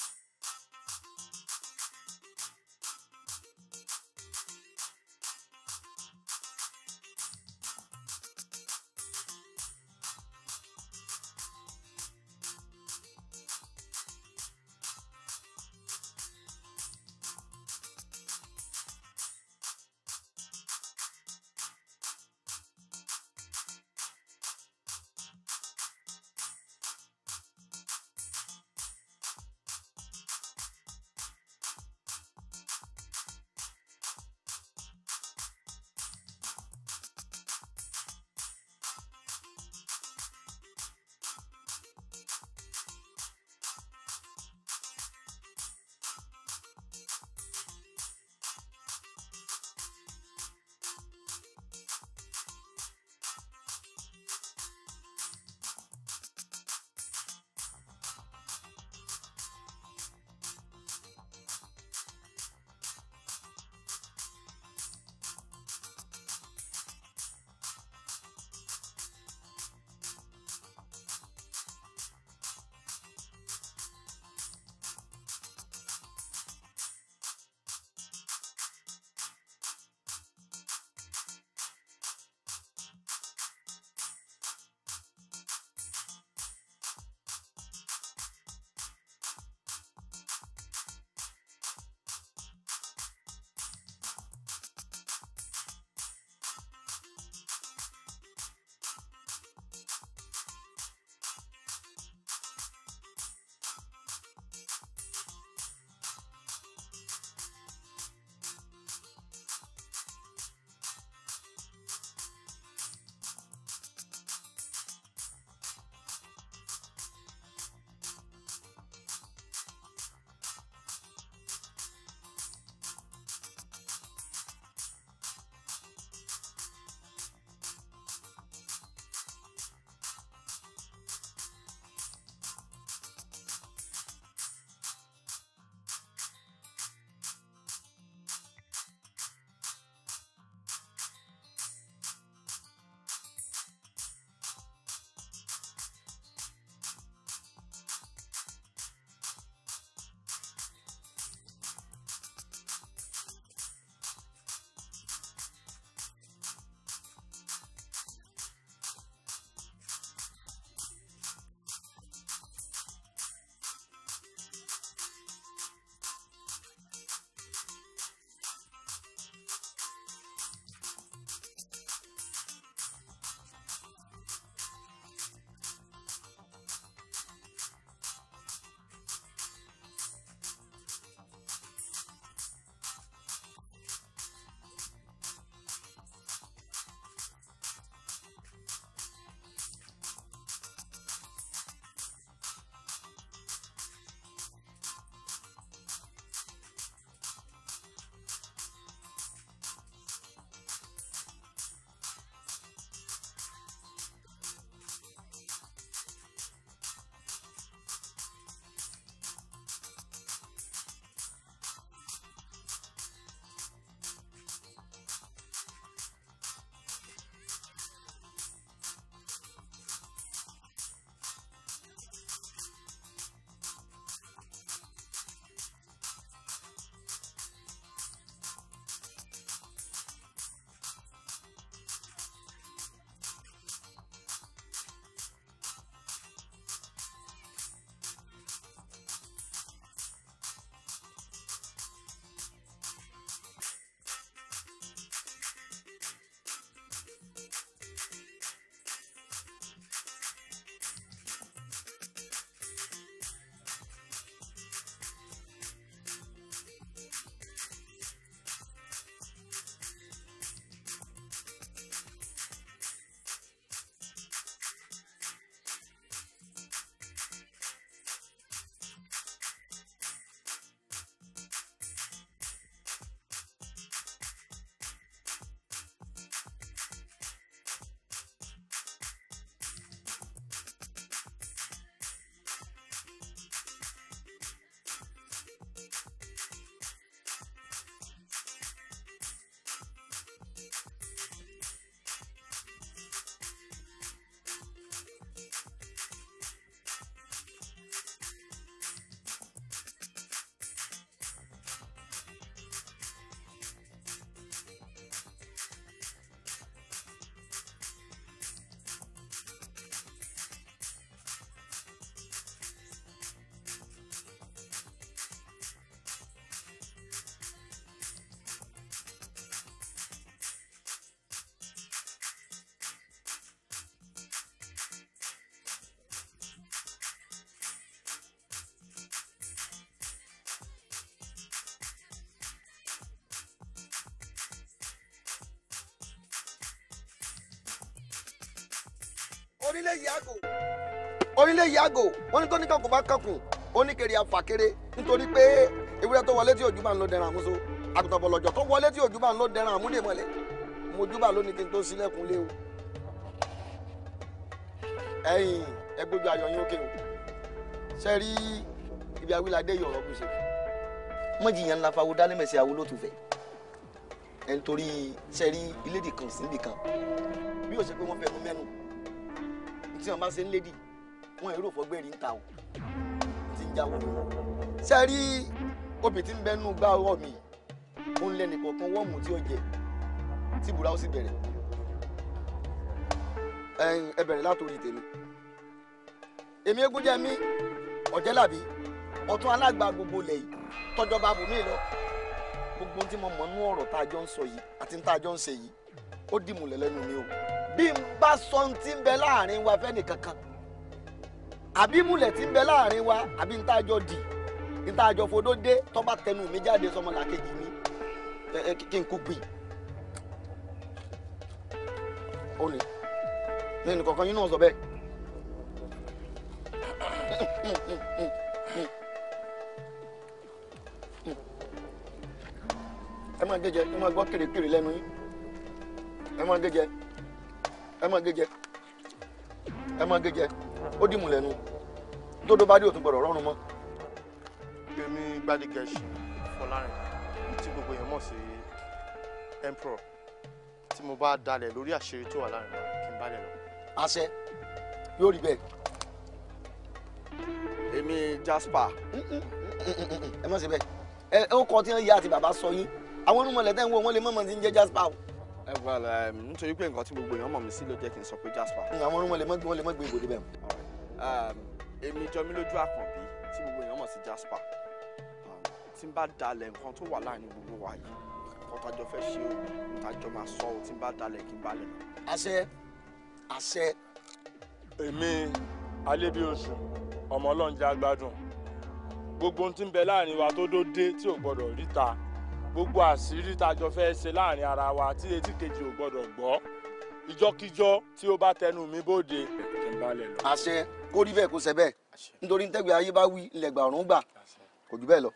onílé yàgò onílé yàgò wọn ní tó ní kankun bá kankun oníkèrè àfàkèrè nítorí pé ewúrẹ́ tó wọlé tí òjú bá ń lọ dẹran àmúso àgùntàn bọ̀lọ̀jọ̀ tó wọlé tí òjú bá ń lọ dẹran àmúlẹ̀mọ́lẹ̀ mojúbà lónìí kí n tó sílẹ̀kùn lé o ẹ̀yin ẹgbójú ayọ̀ yín ókè o ṣe rí ibi awíládé yìí ọ̀rọ̀ kù ṣe. mọ̀jìyàn ńlá fáwọn dálẹ́mẹ̀sẹ̀ àwọn ló tún fẹ́ ẹ̀ nítorí ṣe rí ilédìkan sí ibìkan bí ó ṣe pé wọ́n fẹ́ mú mẹ́nu tí wọn bá ṣe ń lédi wọn èrò fọgbẹ́rì ń ta o ti ń jáwọ́ lọ́wọ́ ṣe rí obì tí ń bẹ́nu gbá ọwọ́ mi ó ń lẹ́nu kọ̀ọ̀kan wọ́ọ̀mù tí ó jẹ tí bùrá ó sì bẹ̀rẹ̀ ẹ bẹ̀rẹ̀ látòrí tèmi èmi Egúnjẹmí Ọ̀jẹ́làbí ọ̀tún alágbà gbogbo ilẹ̀ yìí tọ́jọba bùnmí lọ gbogbo tí mo mọ̀ nú ọ̀rọ̀ tá a jọ ń sọ yìí àti tá a jọ ń ṣe yìí ó dìmùlẹ̀ lẹ́nu mi o. bí n bá sọ tí bẹ láàrin wa fẹ́ni kankan àbí múlẹ̀ ti bẹ láàrin wa àbí n tájọ dì n tájọ fodó dé tó tẹnu mi jáde sọmọlàkejì mi kí n kú gbì ó ní geje. kankan yín náà sọ ẹ máa gé jẹ ẹ máa gé jẹ ó dìmú lẹ́nu tódó bá dé òtún gbọ́dọ̀ rọrùn mọ́. Yẹmí Gbádégẹṣin Fọlárin tí gbogbo èèyàn mọ̀ sí emperor tí mo bá dalẹ̀ lórí àṣírí tó wà láàrin wa kí n bá lẹ̀ lọ. àṣẹ yóò rí bẹ́ẹ̀. èmi Jasper. ẹ má ṣe bẹ́ẹ̀ ẹ ó kọ tí wọ́n yá àti bàbá sọ yín àwọn onímọ̀lẹ́tẹ̀ ń wo wọ́n lè mọ̀mọ́ ti ń jẹ́ Jasper ẹ well um, nítorí pé nǹkan tí gbogbo èèyàn mọ̀ mí sí ló jẹ́ kí n sọ pé Jasper. àwọn orúmọ lè mọ́gbé wọn lè mọ́gbé ìbòdì bẹ́ẹ̀. Um, èmi jọmí lójú àkànbí tí gbogbo èèyàn mọ̀ sí Jasper um, tí n bá dalẹ̀ nǹkan tó wà láàrin gbogbo wa yìí kọ́tàjọ fẹ́ ṣe o kọ́tàjọ máa sọ o tí n bá dalẹ̀ kí n balẹ̀. àṣẹ àṣẹ. èmi alébíoṣù ọmọ ọlọ́njẹ agbádùn gbogbo ohun tí ń bẹ láàrin wa tó dó dé tí ò gbọdọ̀ ríta gbogbo àṣírí tájọ fẹ́ ṣe láàrin ara wa tí etí kejì ò gbọ́dọ̀ gbọ́ ìjọkíjọ tí ó bá tẹnu mi bóde. àṣẹ kó rí kó ṣe bẹ́ẹ̀ nítorí ntẹ́gbẹ̀ẹ́ ayé bá wí ilẹ̀ gbà kò jù bẹ́ẹ̀ lọ.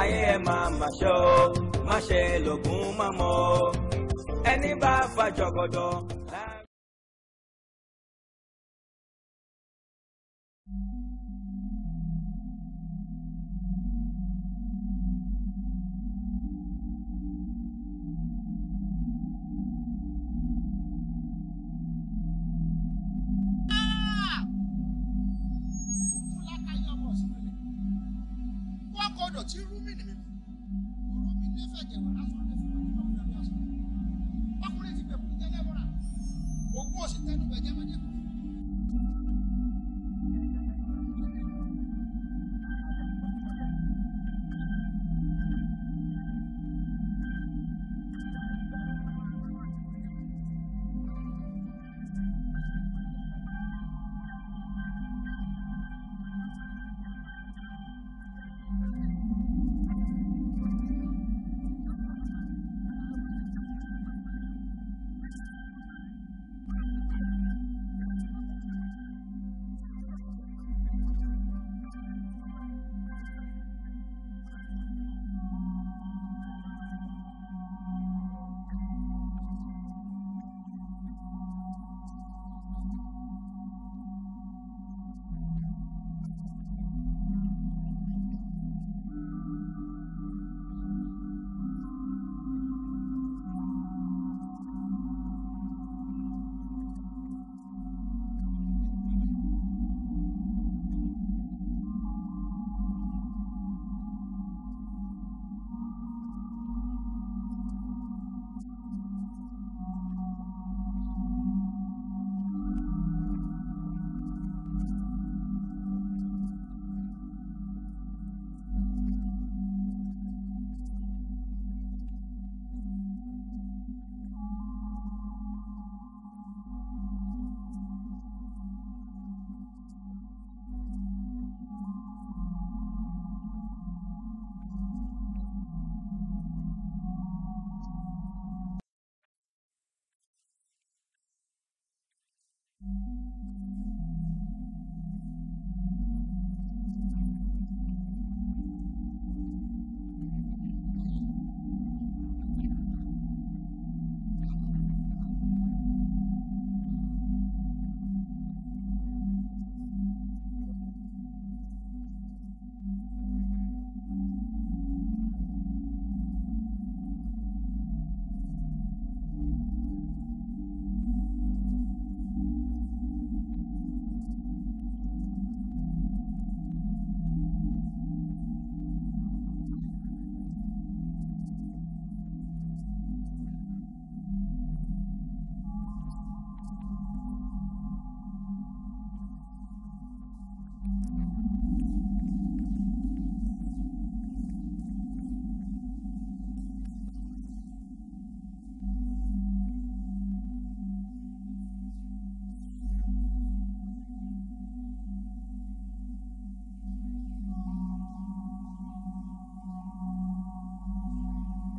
ayé ẹ máa mà ṣọ́ máṣe lògùn máa mọ́ ẹni bá fàjọgọdọ.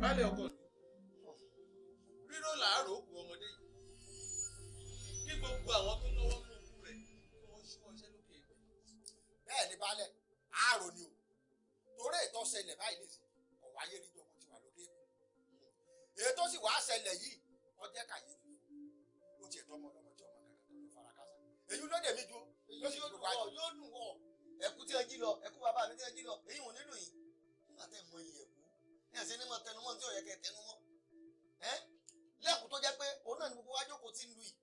baálé ọkọ. ní mọ̀ tẹnumọ́ tí ò yẹ kẹ́ tẹnumọ́ ẹ́ lẹ́kùn tó jẹ́ pé òun náà ni gbogbo wájú kò tí ń lu yìí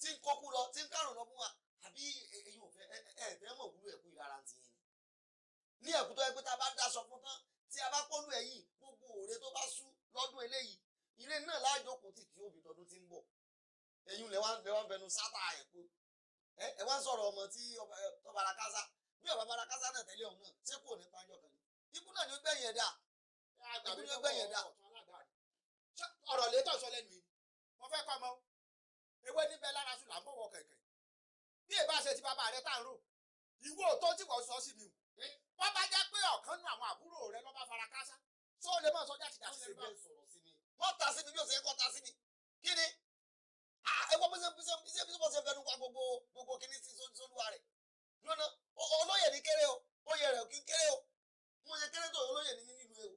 tí ń kókú lọ tí ń kárùn lọ fún wa àbí ẹ̀yin ò fẹ́ ẹ fẹ́ mọ̀ òwúrò ẹ̀kú ìlara ti yẹn ni ní ẹ̀kú tó yẹ pé tá a bá daṣọ fún tán tí a bá kọ́lù ẹ̀ yìí gbogbo òre tó bá sú lọ́dún eléyìí ire náà lájókòó tì tí òbí tọdún ti ń bọ̀ ẹ̀yin lẹ wá ń bẹ wá ń bẹnu sátà ẹ̀kú ẹ wá ń sọ̀rọ̀ ọmọ tí ọba arakásá bí ọba arakásá náà tẹ́lẹ̀ ọ̀hún náà ṣé kò ní pàjọ kan ní ikú náà ni ó gbẹ̀yìn ẹ̀dá tàbí ló gbẹ̀yìn dà ọ̀rọ̀ létọ̀ sọ lẹ́nu yìí mo fẹ́ kọ́ ọmọ ewé níbẹ̀ lára sùn là kẹ̀kẹ́ bí èbá ṣe ti bàbá rẹ tá à ń rò ìwọ tó tí wọ́n sọ sí mi wọ́n bá jẹ́ pé ọ̀kan nu àwọn àbúrò rẹ lọ́ bá fara káásá tó lè má sọ jáde dà sí mi. wọ́n ta sí mi bí o ṣe é kọ́ ta sí mi kí ni ẹwọ́ bí ṣe bí ṣe bí ṣe bí ṣe fẹnu pa gbogbo gbogbo kí ni sí sóluwa rẹ̀ lọ́nà olóyè ní kéré o oyè rẹ̀ kí kéré o mo ṣe kéré tó olóyè ní nínú ewu.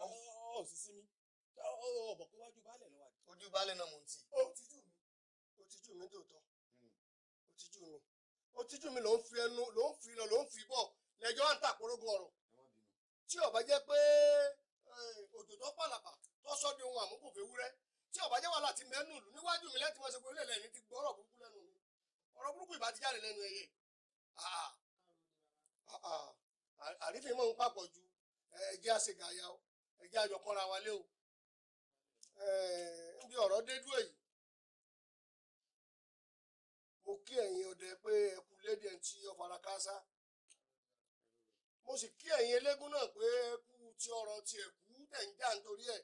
òsìsí mi ọ̀bọ̀ pé wájú baálẹ̀ ló wà. ojú baálẹ̀ náà mo ń tì. ó tijú mi ó tijú mi tòótọ́ hmm. ó tijú mi ó tijú mi ló ń fi ẹnu ló ń fi lọ ló ń fi bọ̀ lẹ́jọ́ ń tàkórógún ọ̀rọ̀ tí ó bá jẹ́ pé eh, òjò tó pàlàpà tó sọ di ohun àmúkòfé wúrẹ́ tí ó bá jẹ́ wàhálà ti mẹ́nu ìlú níwájú mi lẹ́tí mo ṣe pé ilé lẹ́yìn ti gbọ́ ọ̀rọ̀ burúkú lẹ́nu mi ọ̀rọ̀ burúkú ìbá ti jáde lẹ́nu ẹyẹ àrífín mọ́ ń papọ̀ ju eh, ẹ̀jẹ̀ àṣegàyà o ẹ̀jẹ̀ àjọ kọ́ra wa lé o bí ọ̀rọ̀ dé dúró yìí mo kí ẹ̀yin ọdẹ pé ẹ kú lédè tí ó fara káásá mo sì kí ẹ̀yin eléégún náà pé ẹ kú ti ọ̀rọ̀ ti ẹ̀kú tẹ̀ ń jà nítorí ẹ̀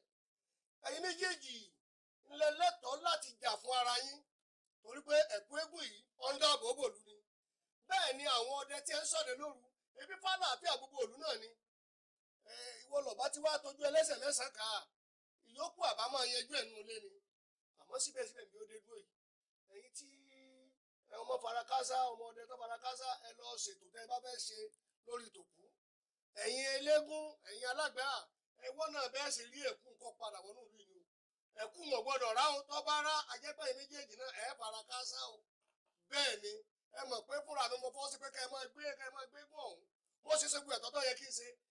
ẹ̀yin méjèèjì ńlẹ̀ lẹ́tọ̀ọ́ láti jà fún ara yín torí pé ẹ̀kú eégún yìí ọ̀ndà bòbòlù ni bẹ́ẹ̀ ni àwọn ọdẹ tí ń ṣọdẹ lóru ebi fálà àti náà ni ìwọ lọ̀bá tí wàá tọ́jú ẹlẹ́sẹ̀ lẹ́sàn-án ká ìyókù àbámọ̀ yẹjú ẹ̀nu ilé ni àmọ́ síbẹ̀síbẹ̀ bí ó dé dúró yìí ẹ̀yin tí ọmọ farakásá ọmọ ọdẹ tó farakásá ẹ lọ ṣètò tẹ́ ẹ bá fẹ́ ṣe lórí tòkú ẹ̀yin eléégún ẹ̀yin alágbá ẹwọ́ náà bẹ́ẹ̀ sì rí ẹ̀kú nǹkan padà wọnú ìlú yìí o ẹ̀kú wọn gbọ́dọ̀ ráhùn tó bá rá ajẹ́pẹ́ méjèèjì náà ẹ̀ farakásá o bẹ́ẹ̀ ni ẹ mọ̀ pé fúnra mi mo fọ́ sí pé kẹ́ ẹ máa gbé kẹ́ ẹ máa gbé gùn ọ̀hún mo ṣe ṣe gbé ẹ̀tọ́ tó yẹ kí n ṣe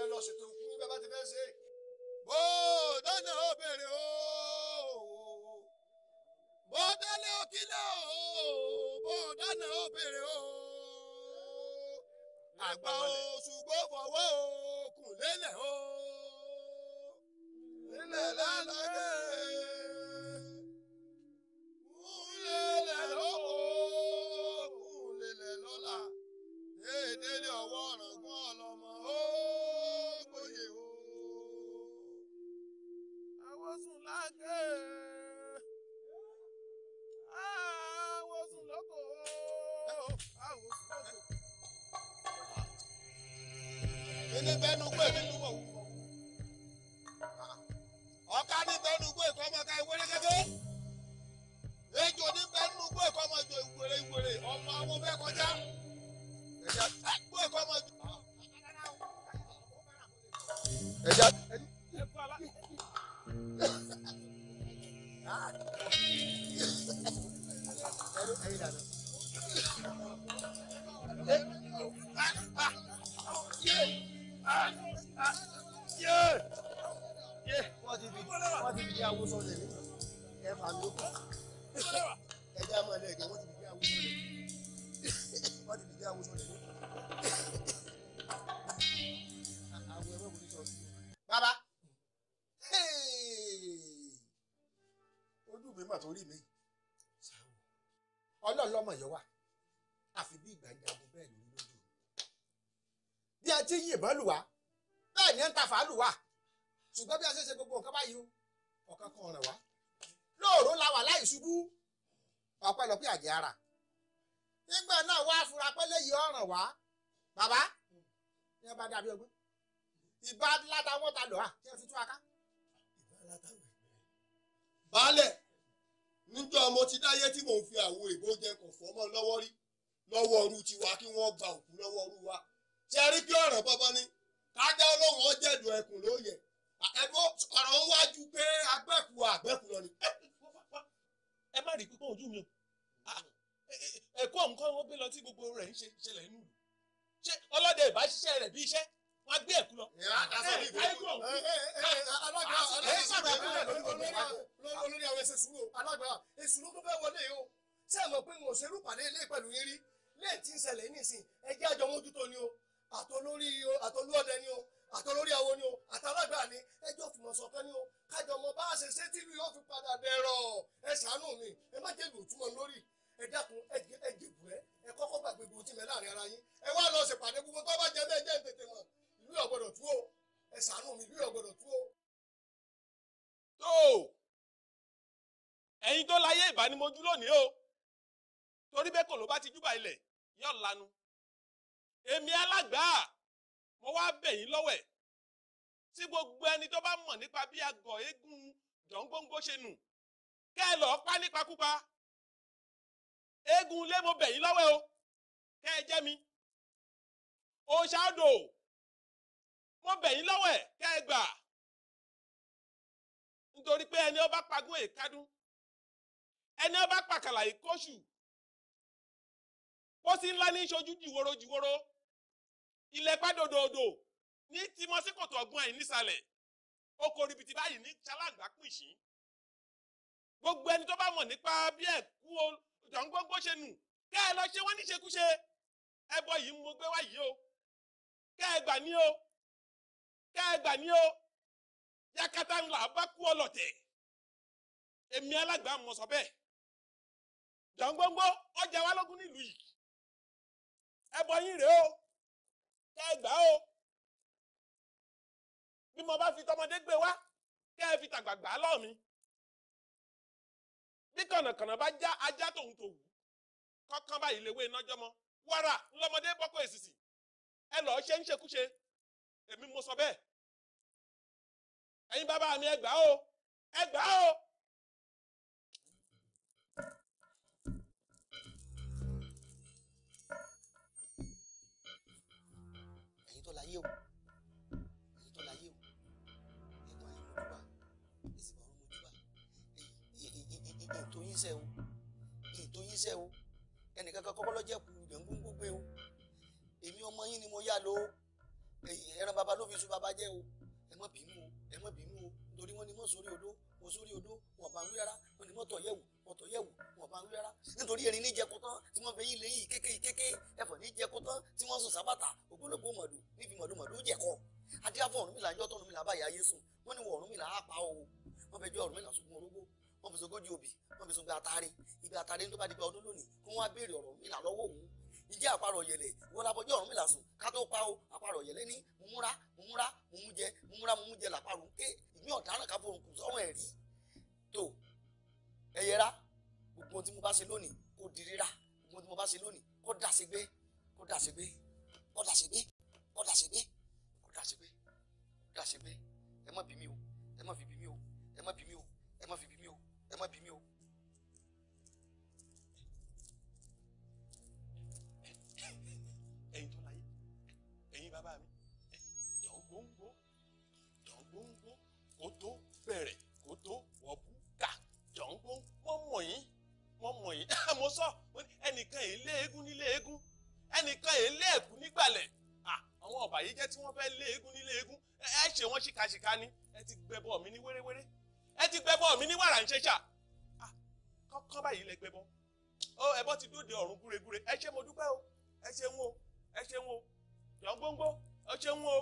ẹ lọ ṣètò ikú bí bàbá ti fẹ́ ṣe. bó dáná ó béèrè o bó délé ó kílẹ̀ o bó dáná ó béèrè o àgbà o ṣùgbọ́n fọwọ́ o lélẹ̀ o lélẹ̀ lálẹ́. mọ̀ yọ wà àfi bí ìgbà jagun bẹ́ẹ̀ lórí lójú bí a ti ń yìnbọn lù wá bẹ́ẹ̀ ni ẹ̀ ń ta fàá lù wá ṣùgbọ́n bí a ṣe ṣe gbogbo nǹkan báyìí o ọ̀kan kan rẹ̀ wá lóòró la wà láì ṣubú ọ̀pẹ̀lọpẹ̀ àjẹ́ ara nígbà náà wá fura pẹ́lẹ́ yìí ọ̀ràn wá bàbá ni wọ́n bá dàbí ọgbẹ́ ìbá ńlá táwọn ta lọ́à ọlọ́run fi àwọn òyìnbó jẹ kàn rí lọ́wọ́ ọrú tiwa kí wọ́n gba òkú lọ́wọ́ ọrú wa ṣe rí kí ọ̀rọ̀ bọ́bọ́ ni kájá ọlọ́run ọjẹ́dùn ẹkùn ló yẹ ẹgbẹ́ ọ̀rọ̀ ń wájú pé agbẹ́kù àgbẹ́kù lọ ni. ẹ má rí pípọ́n ojú mi o ẹ̀kọ́ nǹkan wọn gbé lọ tí gbogbo rẹ̀ ń ṣẹlẹ̀ nínú ṣé ọlọ́dẹ ìbáṣiṣẹ́ rẹ̀ bí iṣẹ́ wọ́n gbé ẹ̀kú lọ. alága olórí àwọn ẹsẹ̀ sùúrù alága èsùrù tó fẹ́ wọlé o ṣé ẹ mọ̀ pé mo ṣerú pàdé ilé pẹ̀lú yín rí léè tí ń ṣẹlẹ̀ nísìn ẹ jẹ́ àjọ mójútó ni o àtolórí o àtolúọdẹ ni o àtolórí àwọn ni o àtàlágbà ni ẹjọ́ fìmọ̀ ṣọ̀kan ni o kájọ ọmọ bá a ṣe ṣe tí yóò fi padà dẹ̀rọ̀ ẹ ṣàánú mi ẹ má jẹ́ lòtúmọ̀ lórí ẹ dákun ẹ dìbò ẹ ẹ kọ́kọ́ gbàgbé gbòó tì mẹ́ láàrin ara yín ẹ wá lọ ṣèpàdé gbogbo tó bá jẹ bẹ́ẹ̀ jẹ́ tètè mọ̀ ìlú yóò gbọ́dọ̀ tú mi ìlú yóò gbọ́dọ̀ tó o tó láyé ìbánimojú lónìí o torí bẹ́ẹ̀ kò ló bá ti júbà ilẹ̀ yóò lanu èmi alágbà mo wá bẹ̀ yín lọ́wọ́ tí gbogbo ẹni tó bá mọ̀ nípa bí agọ̀ eégún dọ̀ngbóngbó ṣe nù kẹ́ ẹ lọ́ọ́ pa nípakúpa eégún lé mo bẹ̀ yín lọ́wọ́ o kẹ́ ẹ jẹ́ mi òṣàdò mo bẹ̀ yín lọ́wọ́ ẹ̀ kẹ́ ẹ gbà nítorí pé ẹni ọba pagún èkádún ẹni ọba pàkàlà ìkóṣù pósí ńlá ní ìṣojú jìwòrò jiworo ilẹ̀ pàdòdòdò ní tìmọ̀ sí kòtò ọ̀gbun ẹ̀yìn nísàlẹ̀ oko ribiti báyìí ní gbogbo ẹni tó bá mọ̀ nípa bí ẹ̀kú ọ̀dọ̀ǹgbọ́ngbọ́ ṣe nù kẹ́ ṣe wọ́n yìí mo gbé o kẹ́ ẹ gbà ní o. kẹ́ ẹ o yakata ńlá bá kú ọlọ́tẹ̀ èmi alágbà mọ̀ sọ bẹ́ẹ̀ jọ̀ǹgbọ́ngbọ́ ọjà wa lógún ẹbọ yín o kẹgba o bí mo bá fi tọmọdé gbé wá kẹ́ mi bí kànàkànà bá já ajá tòun tòun kọ́kán báyìí lè wé iná èmi mo sọ bẹ́ẹ̀ ẹ̀yin bàbá mi ẹ gbà o ẹ gbà o. ẹ̀yin tó láyé o ẹ̀yin tó láyé o ẹ̀kọ́ ayé mo dúbà ẹ̀sìn ọ̀run mo dúbà ètò yín sẹ́ o ètò yín sẹ́ o ẹnìkan kan kọ́kọ́ lọ́jẹ́ kù ìdẹ̀ngúngún gbé o èmi ọmọ yín ni mo yá lọ ẹran baba ló fi sun baba jẹ́ o ẹ má bínú o ẹ má bínú o nítorí wọ́n ní mọ́ sórí odó wọ́n sórí odó wọ́n bá ń rí rárá wọ́n ní mọ́ tọ̀ yẹ̀wò wọ́n tọ̀ yẹ̀wò wọ́n bá ń rí rárá nítorí erin ní jẹko tán tí wọ́n fẹ́ yín lẹ́yìn kéke kéke ẹ̀fọ́ ní jẹko tán tí wọ́n sùn sábàtà ògbólógbò mọ̀dù níbi mọ̀dù mọ̀dù jẹ̀kọ́ adíyàfọ̀ Ọ̀rúnmìlà ń yọ́tọ̀ Ọ̀rúnmìlà báyà yé sùn wọ́n ní wọ́n Ọ̀rúnmìlà á pa o wọ́n fẹ́ jẹ́ Ọ̀rúnmìlà sunkún orógbó wọ́n fi sogójì òbí wọ́n fi sungbẹ́ atare ìgbà ìjẹ́ àparọ̀ yẹlẹ̀ ìwọ labọjú ọ̀run mìlá sùn ká tó pa ó àparọ̀ yẹlẹ̀ ní múmúra múmúra múmújẹ múmúra múmújẹ làparọ̀ ké ìmí ọ̀daràn ká forùn kù sọ́wọ́n ẹ̀ rí tó ẹ yẹra gbogbo tí mo bá ṣe lónìí kó di rírà gbogbo tí mo bá ṣe lónìí kó dà sí gbé kó dà sí gbé kó dà sí gbé kó dà sí gbé kó dà sí gbé kó dà sí gbé ẹ má bí mi o ẹ má fi bí mi o ẹ má bí mi o ẹ má fi bí mi o ẹ má bí mi o bẹ̀rẹ̀ kó tó wọ́pú kà jọ̀ǹgbó wọ́n mọ̀ yín wọ́n mọ̀ yín mo sọ ẹnìkan yìí lé eégún nílé eégún ẹnìkan yìí lé ẹ̀kú nígbàlẹ̀ àwọn ọ̀bàyéjẹ́ tí wọ́n fẹ́ lé eégún nílé eégún ẹ ṣe wọ́n ṣìkàṣìkà ni ẹ ti gbẹbọ mi ní wéréwéré ẹ ti gbẹbọ mi ní wàrà ń ṣẹṣà kọ́kọ́ báyìí lẹ gbẹbọ ó ẹbọ ti dóde ọ̀run gúregúre ẹ ṣé mo dúpẹ́ o ẹ ṣeun o ẹ ṣeun o jọ̀ǹgbóǹgbó ẹ ṣeun o.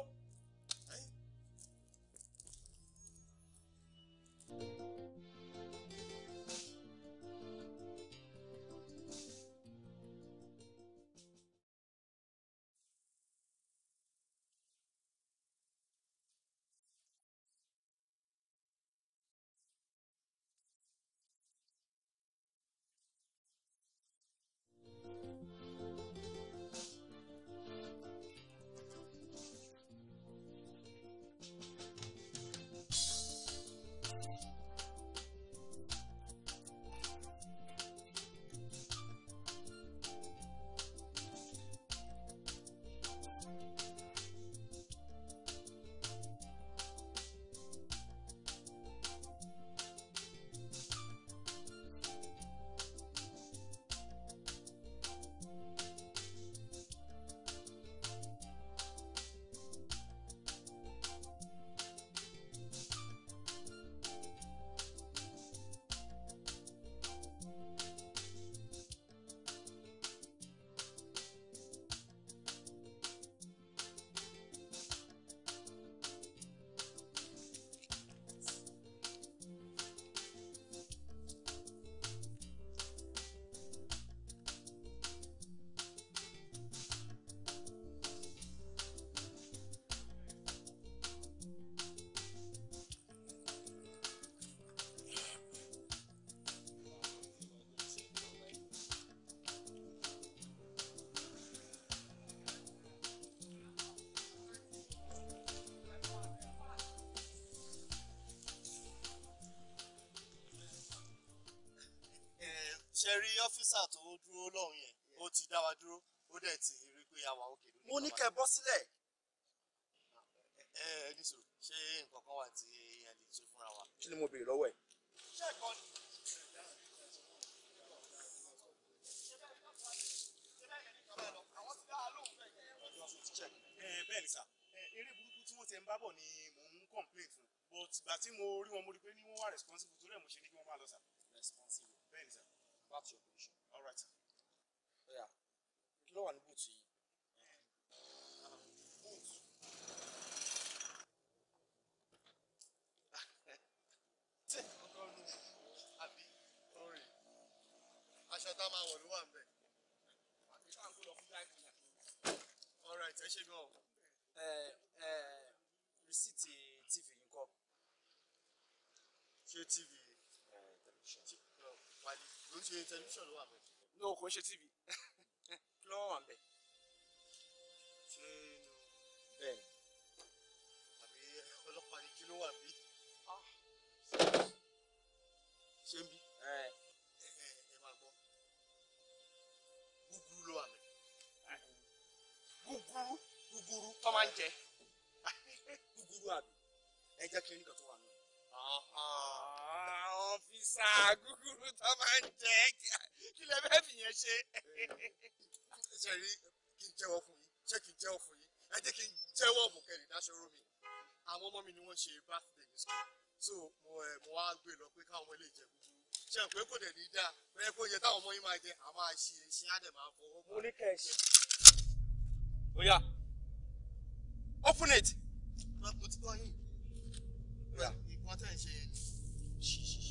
ṣe rí ọ́físà tó dúró lọ́hùn yẹn ó ti dá wa dúró ó dẹ̀ ti rí pé àwa òkè lónìí. mo ní kẹ́ bọ́ sílẹ̀. ẹ ẹ nísòro ṣé nǹkan kan wà tí ẹ lè ṣe fúnra wa. kí ni mo béèrè lọ́wọ́ ẹ. tá a wọ̀ ló wà nbẹ̀. all right ẹ ṣe gan o. ẹ ẹ rìsíìtì tv yìí kọ. ṣé tv wálé ló ń ṣe tẹlifíṣàn ló wà nbẹ̀. ní o kò ń ṣe tv kí ló wà nbẹ̀. rí kí n jẹ́wọ́ fún yín ṣé kí n jẹ́wọ́ fún yín ẹ jẹ́ kí n jẹ́wọ́ mùkẹ́rì dáṣọ́rọ́ mi àwọn ọmọ mi ni wọ́n ṣe birthday ní school so mo ẹ mo wá gbé lọ pé káwọn ọmọ ilé ìjẹ gbogbo ṣe pé kò dẹ̀ ní dáa bẹ́ẹ̀ kó yẹ táwọn ọmọ yín máa jẹ àmọ́ àṣì ẹ̀ṣin á dẹ̀ máa fọwọ́ mọ́. mo ní kẹ́ ó yá open it. mo ti gbọ́ yín. ìgbọ́n tẹ̀ ń ṣe yẹn ni.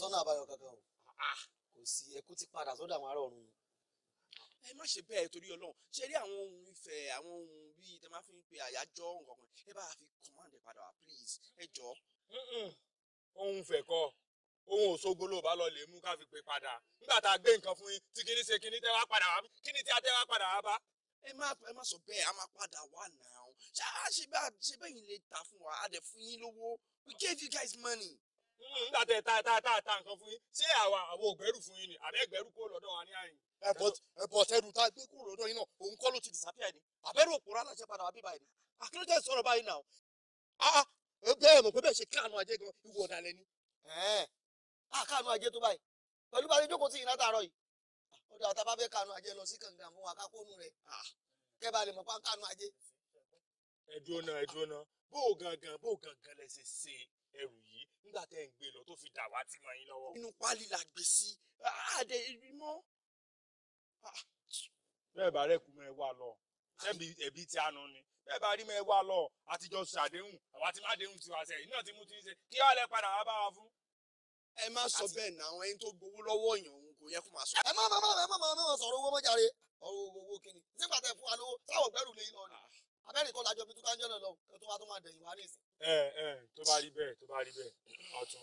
sọ́nà àbáyọ kankan o ah, kò sí ẹkú ti padà sọ́dọ̀ àwọn ará ọ̀run. ẹ má ṣe bẹ́ẹ̀ torí ọlọ́run ṣe rí àwọn ohun ìfẹ́ àwọn ohun bíi tẹ́ máa fi ń pe àyájọ́ nǹkan kan ẹ bá fi command padà wá please ẹ jọ. ohun ìfẹ́ kọ́ ohun òṣogbo ló bá lọ lè mú ká fi pe padà nígbà tá a gbé nǹkan fún yín tí kìíní ṣe kìíní tẹ́ wá padà wá kìíní tí a tẹ́ wá padà wá bá. ẹ má ẹ má sọ bẹ́ẹ̀ a máa padà wá náà ṣe bẹ́ẹ̀ yín lè ta fún wa a dẹ̀ fún yín lówó we gave you guys money. Hmm, nígbà tẹ ta ta ta ta nǹkan fún yín ṣé àwa àwọn ògbẹ́rù fún yín ni àbẹ́ ẹgbẹ́rù kó lọ́dọ̀ wa ní àyìn. ẹ̀bọ̀ tẹ́lu tá a gbé kúrò lọ́dọ̀ yín náà òun kọ́ ló ti disappear ni àbẹ́rù òpòrò aláṣẹ padà wà bí báyìí ni akérèjẹ sọ̀rọ̀ báyìí náà ah bẹ́ẹ̀ mọ̀ pé bẹ́ẹ̀ ṣe káànù ajé gan ìwọ ọ̀dàlẹ̀ ni káànù ajé tó báyìí pẹ̀lú bá a ti jókòó sí ìyìnlá tààrọ̀ yìí ọ̀dọ̀ àtàbá fẹ́ káànù ajé lọ sí kànga fún wa kákónú rẹ̀ kẹ́ bá lè mọ̀ pa káànù ajé. ẹ̀dùn náà ẹ̀dùn náà bó o gangan bó o gangan lẹ ṣe ṣe ẹrù yìí nígbà tẹ́ ń gbé lọ tó fi dà wá tì mọ́ yín lọ́wọ́. inú pálí la gbé sí àdé ibi mọ́. bẹ́ẹ̀ bá rẹ̀ kú mọ́ ẹ wá lọ ṣebí ẹbí tí a nù ni bẹ́ẹ̀ bá rí mọ́ ẹ wá lọ àtijọ́ ṣàdéhùn àwa ti má déhùn tiwa sẹ́yìn náà ti mú ti ṣe kí wàá lẹ padà wá bá wa fún. ẹ má sọ bẹ́ẹ̀ náà àwọn ẹni tó gbowó lọ́wọ́ èèyàn òun kò yẹ kó máa sọ. ẹ má má má má má sọ̀rọ̀ owó mọ́jà rẹ̀ ọ̀rọ̀ owó kíni abẹ́rẹ́ kan lájọ bí túká ń jọ́nà lọ kí tó wá tó máa dẹ̀yìn wá ní ìsìn. ẹ ẹ tó bá rí bẹ́ẹ̀ tó bá rí bẹ́ẹ̀ ọ̀tún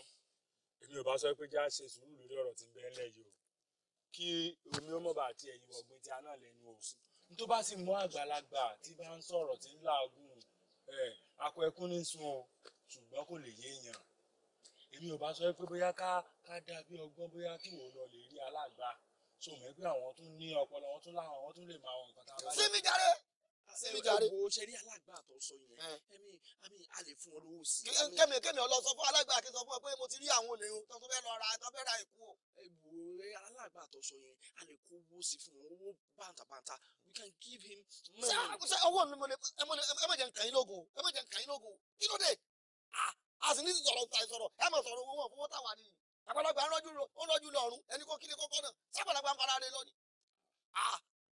èmi ò bá sọ pé já ṣe sùúrù lórí ọ̀rọ̀ tí ń bẹ ńlẹ̀ yìí o kí omi ó mọ̀ bá àti ẹ̀yìn ọ̀gbìn tí a náà lẹ́nu o n tó bá sì mú àgbàlagbà tí bá ń sọ̀rọ̀ tí ń làágùn ẹ akọ ẹkún ní sun o ṣùgbọ́n kò lè yéèyàn èmi ò bá sọ pé bóyá ká ká dá bí ọgbọ́n bóyá kí wò lọ lè rí alágbà so mọ̀ àwọn tún ní ọpọlọ wọn tún láwọn wọn tún lè máa wọn nǹkan tá a bá yẹ. sí mi jàre síbi jàre. ẹ wo ṣe rí tó sọ yẹn ẹmi àmì a fún ọ sí. kẹ́mi kẹ́mi ọlọ́sọ fún alágbà kí n sọ fún ọ pé mo ti rí àwọn olè tó tó fẹ́ lọ ra tó fẹ́ ra ìkú o. ẹ wo alágbà tó sọ yẹn a kó owó sí fún owó bàǹtàbàǹtà we can give him money. ṣé ọwọ́ mi mo lè ẹ mo lè ẹ má nǹkan yín lógun ẹ má nǹkan yín lógun kí ló dé a sì ní sọ̀rọ̀ sọ̀rọ̀ ẹ mọ̀ sọ̀rọ̀ owó wọn fún wọn táwa nìyí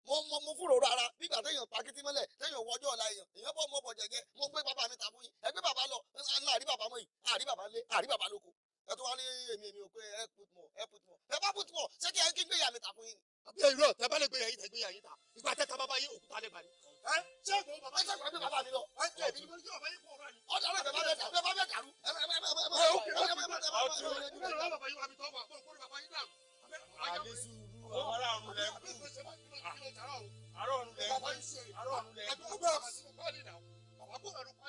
mo mọ mo fúnra ọ̀rọ̀ ara nígbà téèyàn pa kété mọ́lẹ̀ téèyàn wọ ọjọ́ ọ̀la èèyàn èèyàn bọ́ mọ́ bọ̀ jẹ̀jẹ̀ mo gbé bàbá mi tà fún yín ẹ gbé bàbá lọ ńlá àrí bàbá mọ́ yìí àrí bàbá lé àrí bàbá lóko ẹ tó wá ní èmi èmi ò pé ẹ put mọ ẹ put mọ ẹ bá put mọ ṣé kí ẹ kí gbé ìyá mi tà fún yín. àbí ẹ irọ́ tẹ bá lè gbé ìyá yín tẹ gbé ìyá yín tà ìgbà tẹ ta bàbá yín òkúta lè bàní. ẹ ṣé ìgbà bàbá yín gbàgbé bàbá mi lọ. ẹ jẹ ìbí ní bàbá yín kú ọ̀rọ̀ ni. ọ̀dà rẹ̀ bàbá bẹ̀ dà bẹ̀ bẹ̀ dàrú. ẹ ó kè é ó kè é ó kè é ó kè wọ́n wọ́n àrùn lẹ̀ kú àrùn lẹ̀ kú àrùn lẹ̀ kú.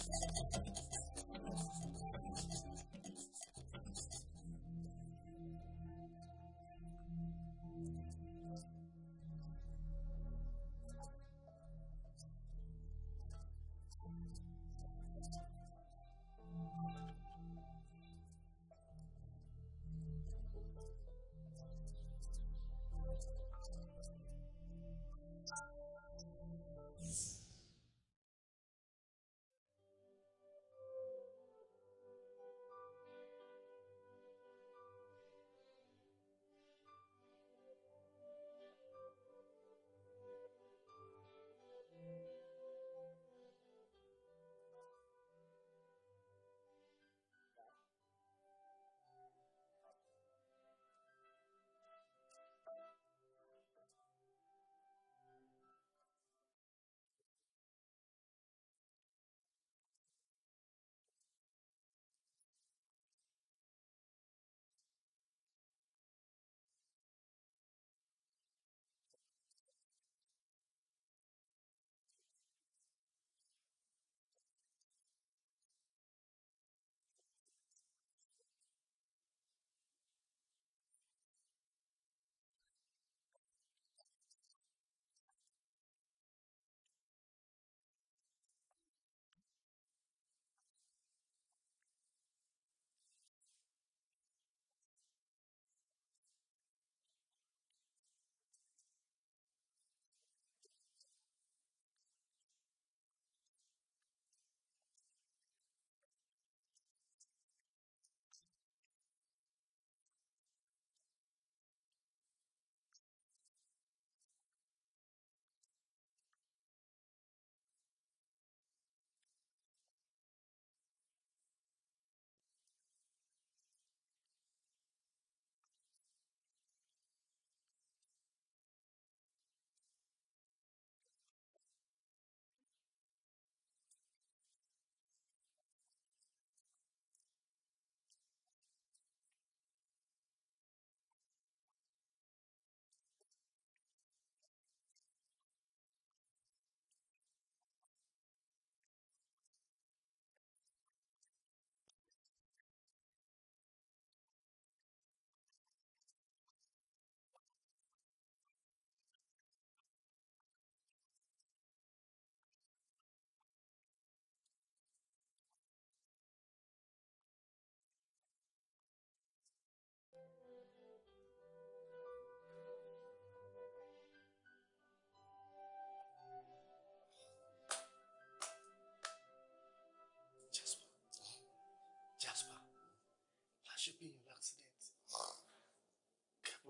Thank you.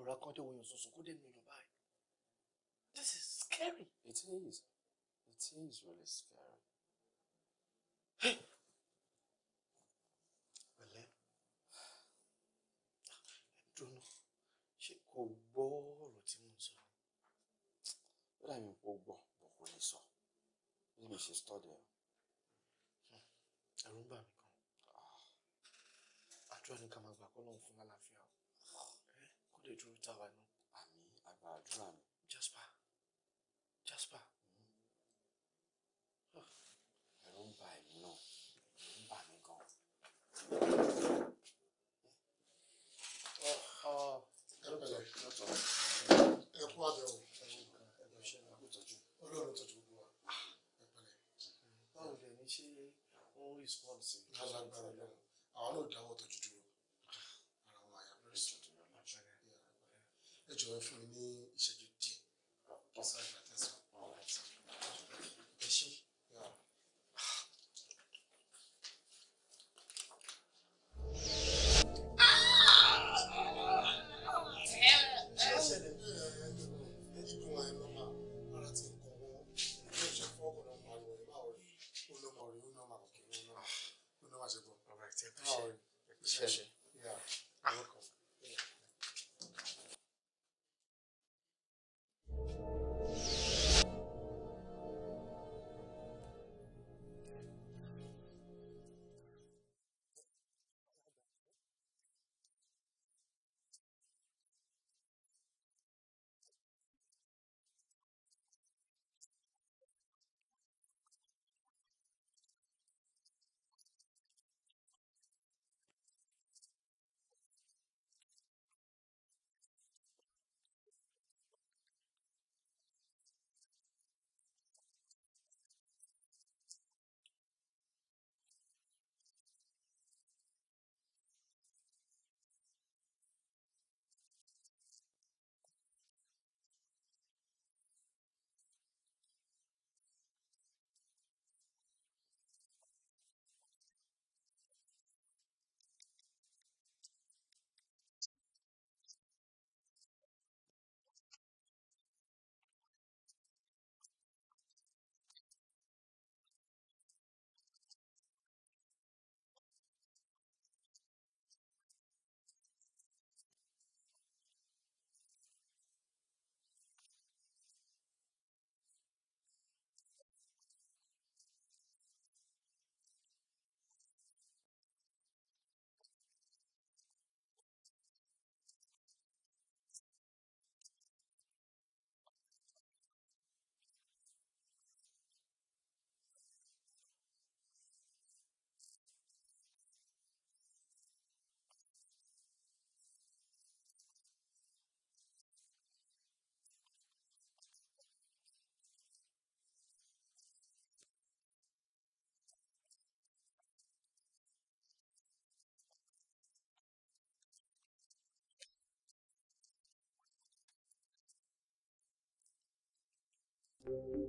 ọ̀rá kan tó wọ̀nyàn sọ̀sọ̀ kó dé This is scary. It is. It is really scary. Pẹ̀lẹ́, dúró ṣé kò gbọ́ ọ̀rọ̀ tí mo ń sọ? Ó dàbí kò gbọ́, bọ̀ kò lè sọ. Bí I'm ṣe stọ́dẹ̀ ọ́. Hmm. Ẹ̀rù ń bà mí gan. Ah. Àdúrà ni ká máa gbà lè dúró táwa nù. àmì àgbà àdúrà mi. Jasper Jasper. Hmm. ẹ̀rù ń bà èmi náà ẹ̀rù ń bà mí gan. Oh, oh. ẹ kú àbẹ̀wò ọlọ́run tó tó gbọ́ báwo lè ní ṣe ń respond sí. alágbára lọ àwọn náà dáwọ́ tó jù máa ń fún mi ní ìṣẹ́jú díẹ̀. ọ̀sán ìgbà tẹ̀sán. ẹ ṣe. All right, I appreciate it. Thank you.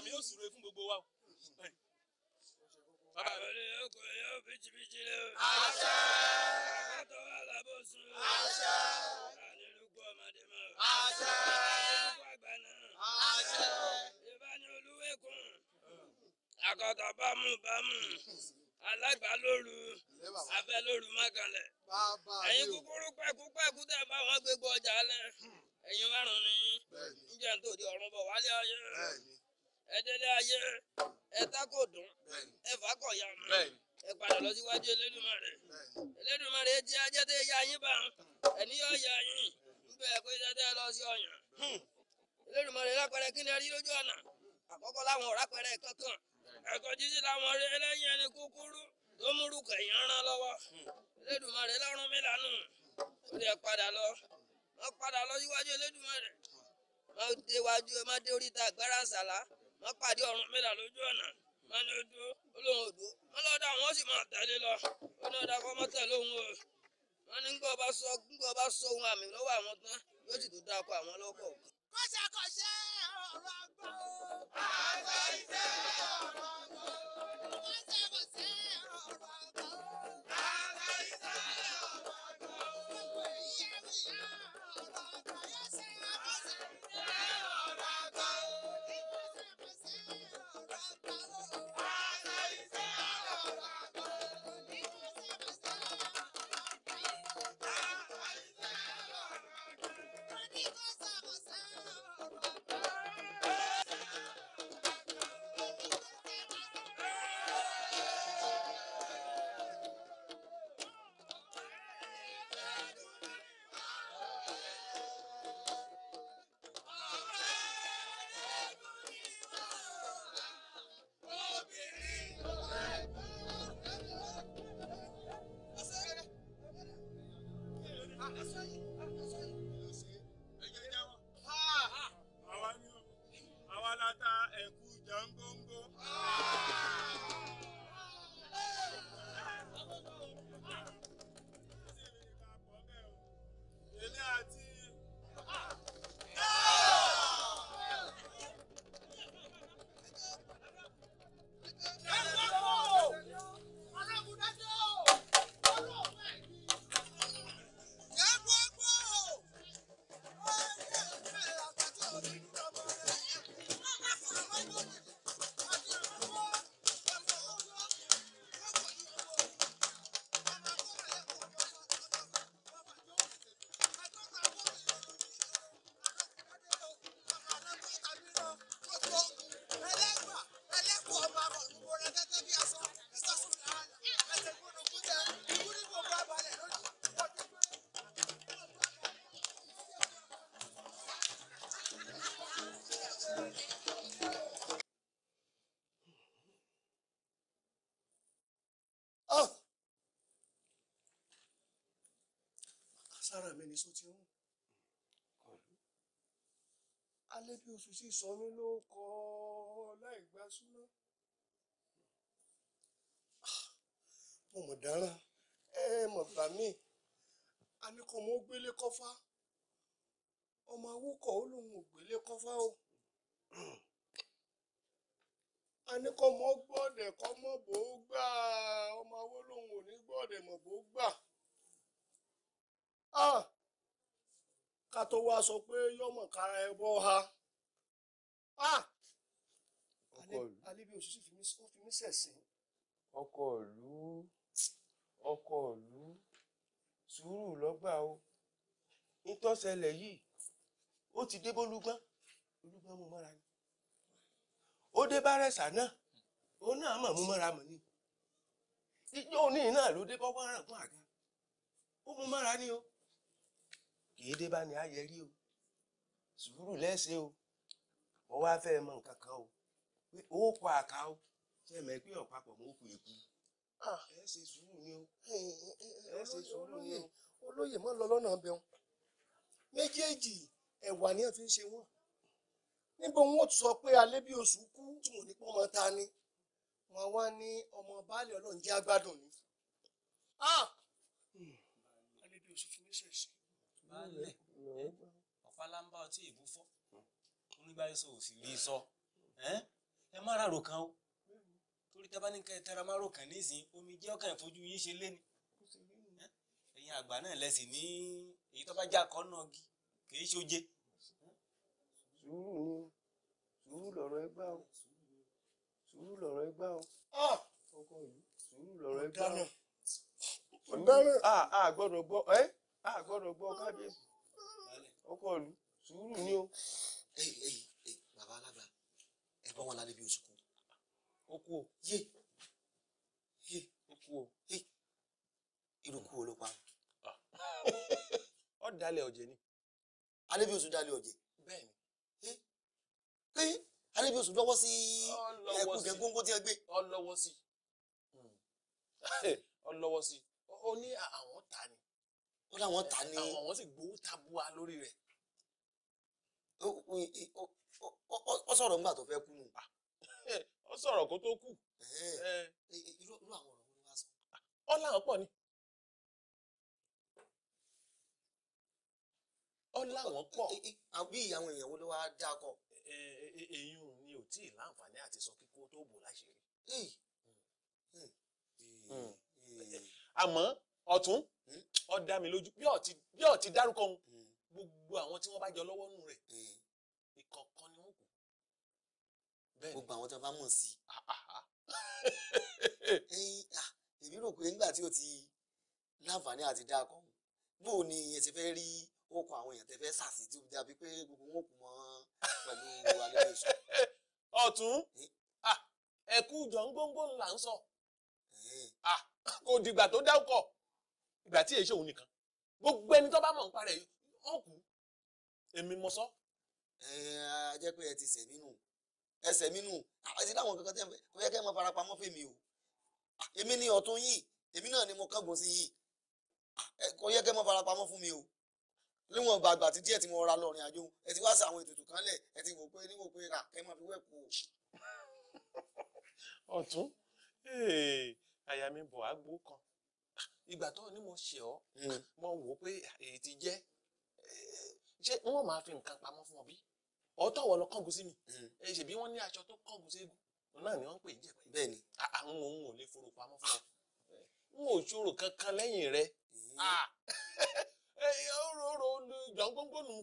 bàbá mi yóò súre fún gbogbo wa o. bàbá mi. àwọn ọkọ yóò lé o. àṣẹ. àtọ alábòsùn. àṣẹ. àlelúkọ ọmọdé mọ. àṣẹ. àlelúkọ àgbà náà. àṣẹ. ìbáni olúwẹ̀kùn. àkọ́tọ̀ bámú bámú alágbà lóru abẹ lóru mọ́kànlẹ̀ ẹ̀yin kúkúrú pẹ̀kú pẹ̀kú tẹ̀ bá wọn gbégbó ọjà lẹ̀ ẹ̀yin márùn-ún ní ń jẹ́ nítorí ọ̀run bọ̀ wálé ọyẹ́ ẹdẹlẹ ayé ẹta kò dùn ẹfà kò yá ẹ padà lọ síwájú Elédùmarè Elédùmarè ti ajẹ́ tẹ ya yín bá ẹni yóò ya yín nígbà ẹ pé tẹ́tẹ́ lọ sí ọ̀yàn Elédùmarè lápẹrẹ kí ni ẹ rí lójú ọ̀nà àkọ́kọ́ láwọn ọ̀rá pẹrẹ kankan ẹ̀kọ́ jíjí làwọn rí ẹlẹ́yìn ẹni kúkúrú tó múrú kẹ̀yìn rán lọ́wọ́ Elédùmarè lọ́rùn mi lànà ó lè padà lọ wọ́n padà lọ síwájú Elédùmarè má dé wájú má dé oríta àgbára àṣàlá pàdé ọrụ mẹ́ta lójú ọ̀nà wọn ni ojú olóhùn odò wọn lọ́dọ̀ àwọn ma máa lọ wọn ni ọ̀dà kọ́ mọ́ tẹ̀lé òun o wọn ni ńgbọ́ sọ ńgbọ́ bá sọ tán Asal sára mi ni sọ ti rún alẹ́ bí oṣù sí sọ mí ló ṣẹlẹ̀ yìí ó ti dé bólúgbọ́n olúgbọ́n mú mọ́ra ni ó dé bárẹ̀sà náà ó náà mọ̀ mú mọ́ra mọ̀ ni ijó ní náà ló dé bọ́wọ́ àga ó mú mọ́ra ni o kìí dé bá ní ayẹ rí o sùúrù lẹ́sẹ̀ o méjèèjì ẹ̀wà ni wọ́n fi ń ṣe wọ́n níbo wọn sọ pé alẹ́ bí oṣù kú tí wọn ò ní pọ́n máa ta ni wọn wá ní ọmọ baálé ọlọ́run jẹ́ agbádùn ni ah! alẹ́ bí oṣù kìíní ṣẹ̀ṣẹ̀. baálẹ̀ ọ̀pá lámbá ọtí ìbúfọ́ onígbàyẹsọ ò sì rí sọ ẹ má ràrò kan o torí tá a má rò kàn nísìnyí omi jẹ́ ọkàn ìfojú yín ṣe lé ni ẹ̀yin àgbà náà lẹ́sìn ní èyí tó bá já kan náà gi kì í ṣoje. sùúrù ni o sùúrù lọ̀rọ̀ ẹgbà o sùúrù lọ̀rọ̀ ẹgbà o ọkọ yìí sùúrù lọ̀rọ̀ ẹgbà o ọ̀daràn a gbọ́dọ̀ gbọ́ ẹ́ a gbọ́dọ̀ gbọ́ kábíyèsí ọkọ ìlú sùúrù ni o. ẹyìn ẹyìn ẹyìn bàbá alága ẹ bá wọn lálẹ́ bí oṣù kù. ó o. yé yé ó kú o. irú kú wo ló pa. Ah. ọ dalẹ̀ ọ̀jẹ̀ ni. alebiosu dalẹ̀ ọ̀jẹ̀. bẹ́ẹ̀ni. pé alebiosu lọ́wọ́ sí ẹkùnkẹ góńgó tí ẹ gbé. ọ lọ́wọ́ sí ọ lọ́wọ́ sí ó ní àwọn ta ni. ó láwọn ta ni. àwọn sì gbowó tabua lórí rẹ̀. ó sọ̀rọ̀ ńgbà tó fẹ́ kú nù. Ah, ó sọ̀rọ̀ kó tó kú. irú àwọn ọ̀rọ̀ wo ni wàá sọ. ọ ah, láwọn pọ̀ ni. ọ láwọn pọ̀ àbí àwọn èèyàn wo ló wáá dákọ. eyín ni ò tí ì láǹfààní àti sọ kíkó tó bò láṣìírí. Hmm. àmọ́ ọ̀tún hmm? ó dá mi lójú bí ó ti dárúkọ òun hmm. gbogbo àwọn tí wọ́n bá jọ lọ́wọ́ nù rẹ̀ ìkọ̀ọ̀kan ni wọ́n kù. gbogbo àwọn tí wọ́n bá mọ̀ sí. èmi rò pé nígbà tí o ti láǹfààní àti dákọ bó o ní ẹ ti fẹ́ rí ó kọ àwọn èèyàn tẹ fẹ́ sàsì tí ó dàbí pé gbogbo wọn kù mọ́ pẹ̀lú alẹ́ ìṣọ́. ọ̀tún ẹ̀kú jọ ń gbóngbó ńlá ń sọ kò dìgbà tó dáwọ́kọ̀ ìgbà tí èso òun nìkan gbogbo ẹni tó bá mọ̀ nípa rẹ̀ ó kú èmi mọ sọ. ẹ ẹ jẹ́ pé ẹ ti sẹ̀ nínú ẹsẹ̀ nínú àwọn ti dáwọn kankan tẹ́ ẹ fẹ́ kẹ́ ẹ mọ farapamọ́ fèmí o èmi ni ọ̀tún yìí èmi náà ni mo kángun sí yìí kò yẹ kẹ́ ẹ mọ farapamọ́ fún mi o níwọ̀n ọba àgbà tí díẹ̀ tí mo ra lọ rìn àjò ẹ ti wá sí àwọn ètùtù kan lẹ̀ ẹ ti wò pé níwò pé rà kẹ́ máa fi wẹ̀ kú o. ọ̀tún àyà mi bọ̀ á gbó kan ìgbà tó ní mo ṣe ọ́ hmm. mo wò ó pé èyí ti jẹ́ eh, ṣé wọ́n máa fi nǹkan pamọ́ fún ọ bí ọ̀tọ̀ wọ̀ lọ kọ́gùn sí mi hmm. ṣèbí wọ́n ní aṣọ tó kọ́gùn sí egun náà ni wọ́n ń pè jẹ́ bẹ́ẹ̀ ni àwọn òun ò lè forò pamọ́ fún ọ n ò ṣòro kankan lẹ́yìn rẹ hmm. ah! ọ̀rọ̀ ọ̀rọ̀ jàǹgbóńgbò nù.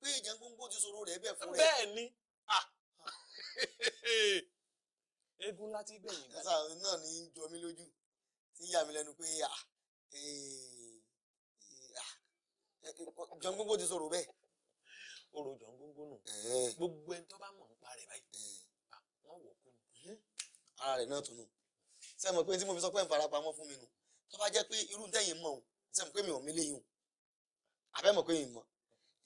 pé jàǹgbóńgbò ti sọ̀rọ̀ rẹ̀ bẹ́ẹ̀ fún rẹ̀. bẹ́ẹ̀ ni ah. eégún láti gbẹ̀yìn gbà. ẹ̀sà náà ní í jọ mí lójú tí yà mí lẹ́nu pé eh, eh, eh, jàǹgbóńgbò ti sọ̀rọ̀ bẹ́ẹ̀. ọ̀rọ̀ jàǹgbóńgbò nù gbogbo ẹni tó bá mọ̀ ń parẹ̀ báyìí wọ́n wọ̀ kú ni. Hmm. ara rẹ̀ náà tó nù sẹ́mi pé tí mo fi sọ pé ń farapamọ́ fún mi nù tó bá jẹ́ pé irú tẹ̀yìn mọ̀ ọ́n sẹ́mi pé mi ò mí léyìn o àbẹ́mọ̀ pé ìmọ̀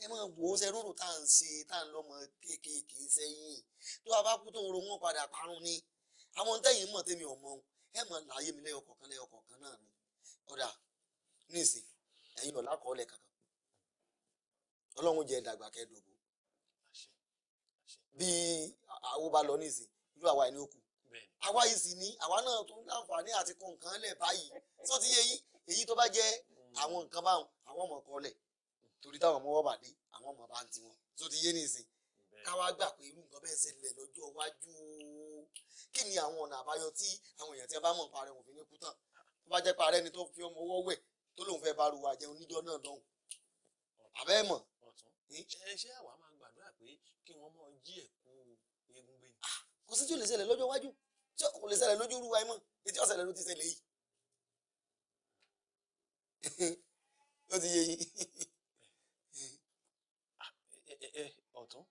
ẹ máa wò ó ṣe rúrù tá à ń ṣe tá à ń lọ́mọ kéékèèké sẹ́yìn tó bá bá kú tó ń ro wọn padà parun ni àwọn tẹ́yìn mọ̀ tẹ́mi ọmọ ẹ mọ̀ láyé mi lẹ́yọ kọ̀ọ̀kan lẹ́yọ kọ̀ọ̀kan náà ni ọ̀dà níìsín ẹ̀yin ọ̀la kọ́ọ̀lẹ̀ kankan ọlọ́run jẹ́ ìdàgbà kẹ́ẹ̀dógó bí àwo bá lọ níìsín irú àwa ẹni ó àwa yìí ni àwa náà tún láǹfààní àti kọ̀ọ̀kan lẹ̀ báyìí sọ́tí èyí èyí tó bá jẹ́ hmm. àwọn nǹkan báwọn àwọn ọmọ kọ́ọ̀lẹ̀ torí táwọn ọmọ wọ́n bà dé àwọn ọmọ bá ń tiwọn tó ti yé nìsín káwá gbà pé irú nǹkan bẹ́ẹ̀ ṣẹlẹ̀ lọ́jọ́ iwájú kí ni àwọn ọ̀nà àbáyọ tí àwọn èèyàn tí wọ́n bá mọ̀ parẹ́ wọn fi ní kú tán tó bá jẹ́ parẹ́ ni tó fi ọmọ ọwọ́ wẹ̀ tó lóun fẹ́ bá ruwa jẹun níjọ́ náà lọ́hùn àbẹ́ mọ̀. ẹ ṣé àwa máa gbàdúrà pé kí wọ́n mọ jí ẹ̀kú egun gbé. kò sí tí ò lè ṣẹlẹ̀ lọ́jọ́ iwájú tí kò lè ṣẹlẹ̀ lójú ruwa mọ́ etí ó ti yé yín Eh, eh, eh, ọ̀tún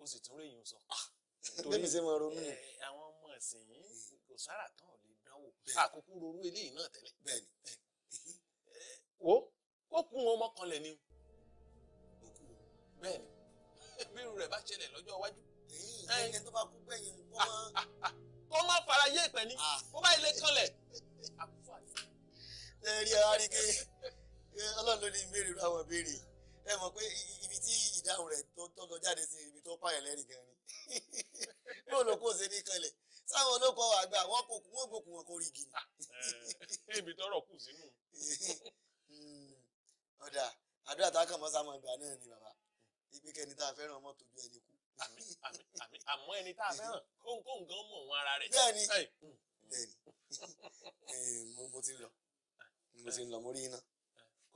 o sì tún réyìn sọ. bébí ah, ṣe máa ronú. àwọn ọmọ ẹ̀sìn yìí hmm. kò sára tán ò lè dánwò àkókò ronú eléyìí náà tẹ́lẹ̀. bẹ́ẹ̀ni. wo ó kún ọmọ kan lẹ̀ ni. bẹ́ẹ̀ni bírú rẹ̀ bá ṣẹlẹ̀ lọ́jọ́ iwájú. ẹyìn ẹni tó bá kú gbẹ̀yìn kó máa. kó máa fara yé ìpẹ́ ni ah. kó bá ilé kanlẹ̀. lẹ́ẹ̀rí aráríkẹ́ ọlọ́run ló ní ìbéèrè àwọn ìbéèrè ẹ mọ̀ pé ìdáhùn rẹ̀ tó lọ jáde sí ibi tó pààyàn lẹ́rìn gan ni bí olóko ṣe ní kanlẹ̀ sáwọn olóko àgbà wọn kò wọn gbòkù wọn kò rí igi ni. ibi tọrọ kù sínú. Hmm, ọ̀dà àdúrà tá a kàn mọ́ sáwọn ìgbà náà ni bàbá ibi kẹni tá a fẹ́ràn ọmọ tó ju ẹni kú. àmọ́ ẹni tá a fẹ́ràn kóńkóń gan mọ̀ wọn ara rẹ̀. bẹ́ẹ̀ni hmm. bẹ́ẹ̀ni eh, mo ti lọ mo ti lọ mo rí iná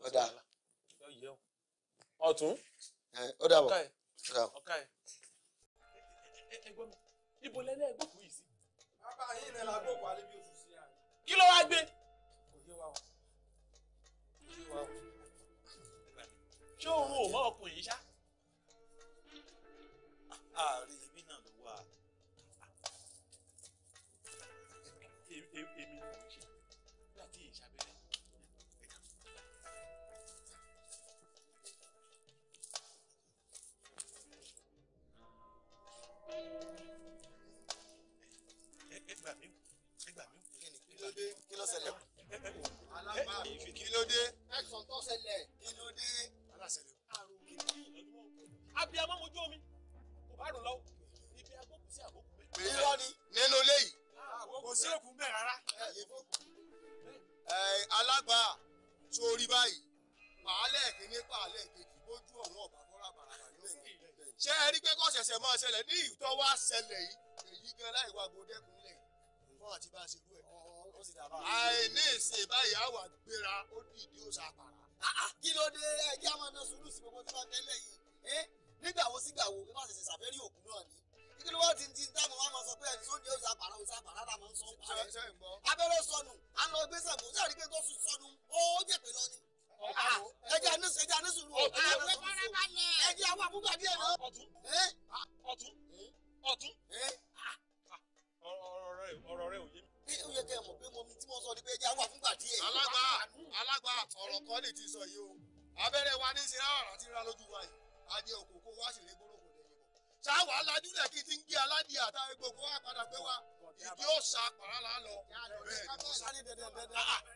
ọ̀dà ọ̀tún ó dàbọ̀ ó dàbọ̀. ibo lẹ́lẹ́ ẹ̀gbọ́kú yìí sí. bàbá yìí lẹ́la gbòkú alẹ́ bí oṣù sí i. kí ló wá gbé. o kò ṣé oorun ò mọ ọkùnrin yìí ṣá. ààrẹ ibi náà ló wà. èmi nìyí. ẹ gbà mí ẹ gbà mí. sórí báyìí pàálẹ̀ kìíní pàálẹ̀ kejì bójú ọ̀run ọ̀bà ṣé ẹ rí pé kó ṣẹ̀ṣẹ̀ máa ṣẹlẹ̀ ní ìtọ́ wá ṣẹlẹ̀ yìí èyí gan láì wá gbòdẹ́kùn lẹ̀ fún àti bá a ṣe rú ẹ̀. àìní ìsìn báyìí àwọn àgbéra ó dìde ó ṣàpàrà. Ah, ah, kí ló dé ẹjẹ́ àmọ́ náà sùúrù sí gbogbo tí wọ́n tẹ́lẹ̀ yìí eh, nígbà wo sígbà wo bí wọ́n ṣẹ̀ṣẹ̀ ṣàfẹ́rí òkú náà ni kí ló wá ti ti dáhùn wá máa sọ pé ẹ̀sùn ni ó ṣe àpàrà òṣà àpàrà là ń sọ. abẹ́rẹ́ sọnù àlọ́ gbèsè mọ̀ sí àrígbé tó sọnù ó jẹ̀pẹ̀ lọ ni ẹjẹ àánú ṣe ẹjẹ àánú sùúrù ọtún ẹjẹ àwọn àbúgbà díẹ̀ lọ. ọtún ọtún ọtún ọ̀rọ̀ rẹ ò yé mi. bí ó yẹ kẹ́ pé mo mi tí mo sọ ni pé ẹjẹ àwọn àbúgbà díẹ̀. alágbà alágbà ọ̀rọ̀ kan lè ti sọ yìí o abẹ́rẹ́ wa ní sinra ọ̀rọ̀ àti ra lójú wa yìí adé òkòkò wá sì lè gbólókò sáwà aládùúlẹ̀ kí ti ń gbé aládìí àtàwọn gbogbo wa padà gbé ìdí òòṣà pàrọ̀ là ń bẹ́ẹ̀ ni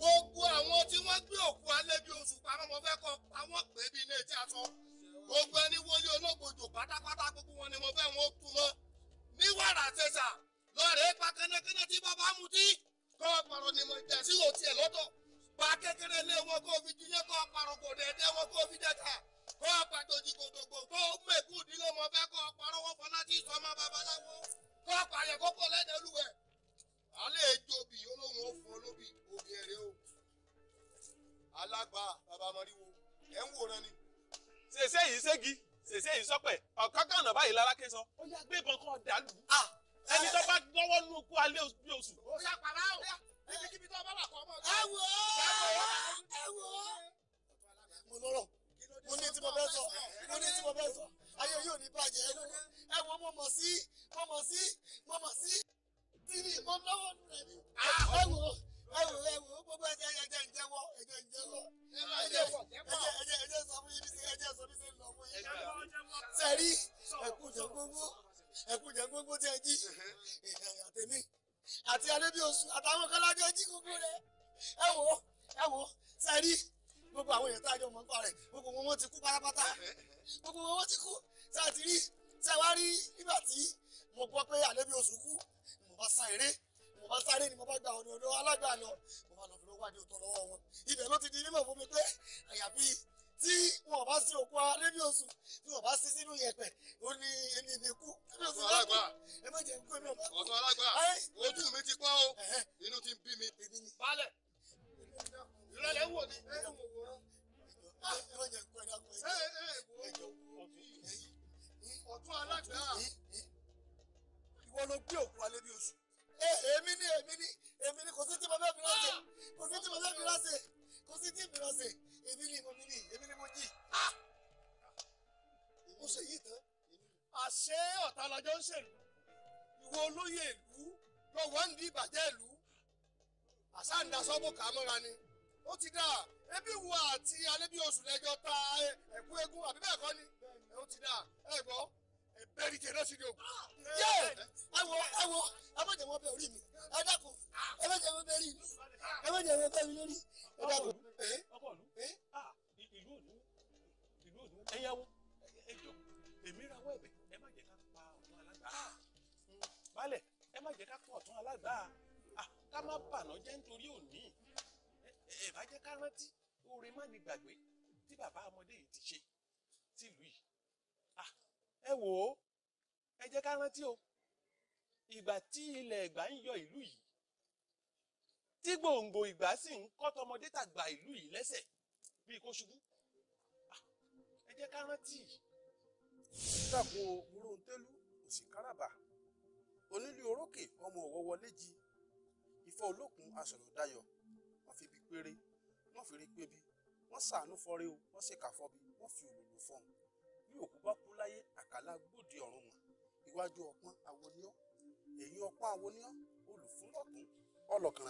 gbogbo àwọn tí wọ́n gbé òkú alẹ́bí oṣù pamọ́ mo fẹ́ kọ́ àwọn pè bí ilé tí a sọ gbogbo ẹni wọlé olóògbòjò pátápátá gbogbo wọn ni mo fẹ́ wọn tú mọ́ ní wàrà tẹ̀sà lọ́ọ̀rẹ́ pa kẹ́nẹ́kẹ́nẹ́ tí bàbá mu tí kọ́ ọ̀pọ̀rọ̀ ni mo jẹ́ sí òtí ẹ̀ lọ́tọ̀ pa kékeré lé wọn kó fi jíjẹ́ kọ́ ọ̀pọ̀rọ̀ kò dẹ̀ẹ́dẹ́ wọn kó fi jẹ́ta kọ́ ọ̀pàtòjì kòtòkò kó mẹ́kù ìdílé mo fẹ́ kọ́ ọ̀pọ̀rọ̀ wọn fọlá tí ìsọmọ babaláwo kọ́ ọ̀pàyẹ̀kọ́ pọ̀ lẹ́nu olúwẹ̀ẹ́ pàápàá bàbá mọ́ríwó ẹ̀ ń wòran ni. ṣèṣe yìí ségi ṣèṣe yìí sọpẹ ọkọ kànáà báyìí lálákẹ sọ ó yá gbé ìbọn kan dàlú. ẹni tó bá lọ́wọ́ nú okú alẹ́ bí oṣù. ó yá pàrọ̀ ó níbikíbi tó bá wà kọ́ ọmọ ọ̀gá. ẹ wò ó ẹ wò ó. mo lọ́rọ̀ mo ní tí mo fẹ́ sọ mo ní tí mo fẹ́ sọ ayé yóò ní bàjẹ́ ẹ wò mo mọ̀ sí mo mọ̀ sí mo mọ̀ sí ẹwù ẹwù gbogbo ẹjẹ ẹjẹ ìjẹwọ ẹjẹ ìjẹwọ ẹjẹ ẹjẹ ẹjẹ sọ fún yín sí ẹjẹ sọ fún yín lọ fún yín sẹrí ẹkú jẹ gbogbo ẹkú jẹ gbogbo tẹ jí àtẹmí àti adébíoṣù àtàwọn kọládé jí gbogbo rẹ ẹwọ ẹwọ sẹrí gbogbo àwọn èèyàn tá a jọ mọ̀ nípa rẹ̀ gbogbo wọn ti kú pátápátá gbogbo wọn ti kú tá a ti rí tá a wá rí nígbà tí mo gbọ́ pé àlébíoṣù kú mo bá sa eré bá sáré ni mo bá gba ọ̀nà ọ̀dọ́ alágbà lọ mo bá lọ fi wádìí òótọ́ lọ́wọ́ wọn ibẹ̀ ló ti di mímọ̀ fún mi pé àyàfi tí wọn bá sí òkú alẹ́ bí oṣù tí wọn bá sí sínú yẹ̀pẹ̀ ó ní èmi mi kú. ọ̀tún alágbà ẹ alágbà ojú mi ti pọ́n o inú ti ń bí mi. balẹ̀ ìrọ̀lẹ́ wò ni. ọ̀tún alágbà. ìwọ ló gbé òkú alẹ́ bí oṣù. Eh, èmi ni èmi ni èmi ni kò sí tí mo fẹ́ fi ránṣẹ́ kò sí tí mo fẹ́ fi ránṣẹ́ kò sí tí mi ránṣẹ́ èmi ni mo mi ni èmi ni mo jì. mo ṣe yìí tán. àṣé ọ̀tá lọ́jọ́ ń ṣèlú ìwọ olóyè ìlú lọ́wọ́ ń di ìbàjẹ́ ìlú àṣà ń daṣọ́ bò ká mọ́ra ni ó ti dáa ebi wo àti alẹ́ bí oṣù lẹ́jọ́ ta ẹ̀kú eégún àbí bẹ́ẹ̀ kọ́ ni ó ti dáa ẹ̀ gbọ́ ẹ̀rì tẹ̀lé yẹ ẹ wo ẹ wọn bẹ orí mi ẹ dákun wọn bẹ rí mi ẹ wọn bẹ mi lórí ẹ ọkọ ọlú ìlú òdú ìlú òdú ẹyáwó ẹjọ èmi ra wọ ẹbẹ ẹ má jẹ ká pa ọtún alágbá ah. hmm. balẹ̀ ẹ má jẹ ká pa ọtún alágbá ah, ká má bànà jẹ́ nítorí òní ẹ bá jẹ́ ká rántí oore má ní gbàgbé tí bàbá ọmọdé yìí ti ṣe tìlú yìí ah, ẹ wò ó ẹ jẹ́ ká rántí o ìgbà tí ilẹ̀ ẹ̀gbá ń yọ ìlú yìí tí gbòǹgbò ìgbà sì ń kọ́ tọmọdé tàgbà ìlú yìí lẹ́sẹ̀ bíi kó ṣubú ẹ jẹ́ ká rántí. dàpọ̀ mùròǹtẹ́lú òsì káràbà onílù orókè ọmọ ọ̀wọ́ wọlé jí ifọ̀ olókun asọ̀rọ̀ dayọ̀ wọ́n fi bí péré wọ́n fi rí pébi wọ́n ṣàánú fọ́rí o wọ́n ṣèkà fọ́bi wọ́n fi òlòlò fọ́n bí òkú bá kú láyé àkàlà gbòde ọ̀run mọ̀ iwájú ọpọ́n àwo ni ọ́ ẹ̀yìn ọpọ́n àwo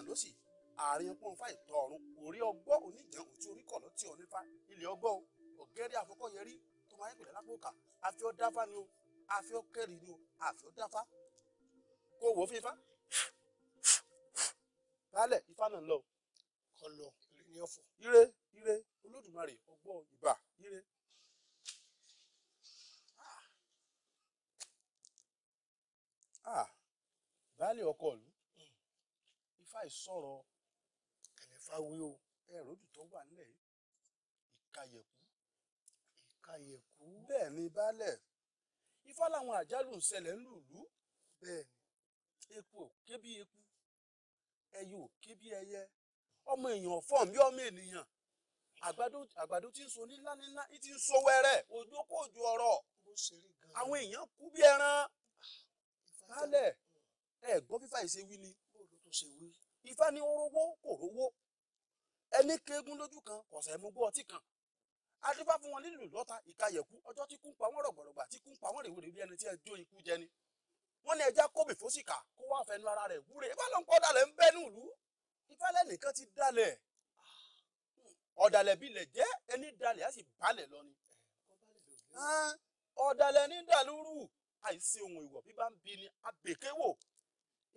ló sì àárín ọpọ́n fà ìtọ́ ọ̀run orí ọgbọ́ oníjàn òtí orí kọ̀ lọ́tí ọ̀ nífa ilẹ̀ ọgbọ́ o ọ̀gẹ́rẹ́ àfọkọ́yẹrí tó máa ń pèlè lápòkà àfi ọ́ ni o àfi ọ́ ni o àfi ọ́ kó wò ó fi ifá náà lọ kọlọ ire ni ọ̀fọ̀ ire ire olódùmarè ọgbọ́ ìbà ire ah baálé ọkọ ìlú ifá ìsọ̀rọ̀ ẹ̀mẹ́fà wí o ẹ̀rọ òdùtọ́ wà nílẹ̀ yìí ìkàyẹ̀kú ìkàyẹ̀kú ni baálẹ̀ ifá làwọn àjálù ń eku ò eku ẹyẹ bí ẹyẹ ọmọ èèyàn ọ̀fọ́n bí ọmọ ènìyàn àgbàdo tí ń so baálẹ̀ ẹ gbọ́ fífà ìṣe wí ni ifá ní orówó kò rówó ẹni kéegun lójú kan kọ̀sẹ̀ mú gbọ́ ọtí kan adúbá fún wọn nílùú lọ́ta ìkayẹ̀kú ọjọ́ tí kú ń pa wọ́n rọ̀gbọ̀rọ̀gbà tí kú ń pa wọ́n rèwèrè bí ẹni tí ẹ jó ikú jẹ ni wọ́n ní ẹja kóbì fósìkà kó wá fẹnu ara rẹ̀ wúre ifá ló ń kọ́ dalẹ̀ ń bẹ́ nílùú ifá lẹ́nìkan ti dalẹ̀ ọ̀dàlẹ̀ bí ilẹ̀ jẹ́ ẹni dalẹ̀ á sì balẹ̀ lọ ni ọ̀dàlẹ̀ ní dàlúrù àìsí ohun ìwọ̀ bí bá ń bi ni àbèkéwò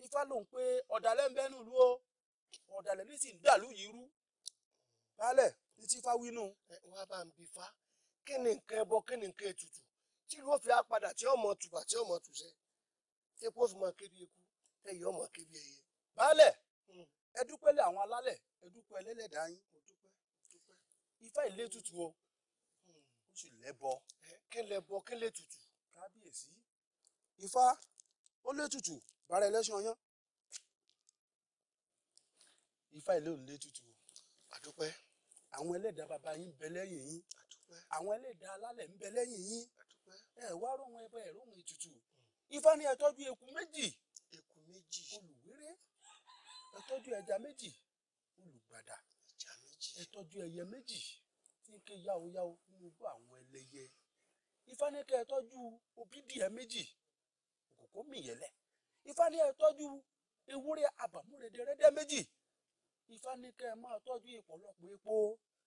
ifá lòun pé ọ̀dàlẹ̀ ń bẹ́nu ìlú o ọ̀dàlẹ̀ ní sì ń dàlú yìí rú baálẹ̀ ní tí ifá wínú. ẹ wá bá ń bi fa kí ni nǹkan ẹbọ kí ni nǹkan ètùtù tí ló fi á padà tí ọmọ tùbà tí ọmọ tùṣẹ tí epo fi máa kébi eku ẹyẹ ọmọ kébi ẹyẹ. baálẹ̀ hmm. ẹ dúpẹ́ lé àwọn alálẹ̀ ẹ dúpẹ́ lẹ́lẹ́dàá yín ifá ìlétùtù o hmm. ó sì lẹ́bọ. kí lẹ́bọ kí lẹ́tùtù. kábíyèsí ifá ó létùtù bàrà ẹlẹ́sìn ọyán ifá ilé ò létùtù àdúpẹ́ àwọn ẹlẹ́dàá bàbá yín bẹ lẹ́yìn yín àdúpẹ́ àwọn ẹlẹ́dàá alálẹ̀ ń bẹ lẹ́yìn yín àdúpẹ́ ẹ wá róhun ẹbọ ẹ róhun ètùtù ifá ni ẹ tọ́jú eku méjì eku méjì olùwérè ẹ tọ́jú ẹja méjì olùgbàdà ẹja méjì ẹ tọ́jú ẹyẹ méjì tí ń ké yáoyáo nínú igbó àwọn ẹlẹ́yẹ ifá ní kẹ́ ẹ tọ́jú òbídìẹ méjì kó mì yẹlẹ ifá ní ẹ tọ́jú ewúrẹ́ àbàmúrẹdẹrẹdẹ méjì ifá ní kẹ ẹ máa tọ́jú ìpọ̀lọpọ̀ epo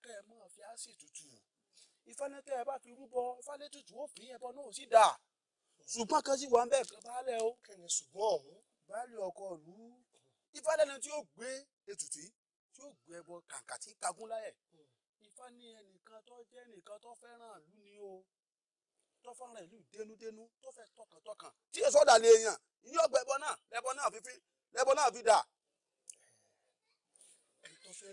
kẹ ẹ máa fi ásì tutù ifá ní kẹ ẹ bá fi rúbọ ifá ní tutù ó fi ẹbọ náà sí dáa ṣùgbọ́n kan sì wà ń bẹ̀ fẹ́ baálẹ̀ o kẹ̀yìn ṣùgbọ́n ọ̀hún baálẹ̀ ọkọ ìlú ifá lẹ́nu tí ó gbé ètùtù tí ó gbé ẹbọ kàǹkà tí kagún láyẹ̀ hmm. ifá ní ẹnìkan tó jẹ́ ẹnìkan tó fẹ́ràn ìlú ni o tó fọ́nrán ìlú dénúdénú tó fẹ́ tọkàntọkàn tí èso ọ̀dà lè yàn ní ọgbà ẹbọ náà lẹbọ náà fífi lẹbọ náà fi dà. ifá ṣe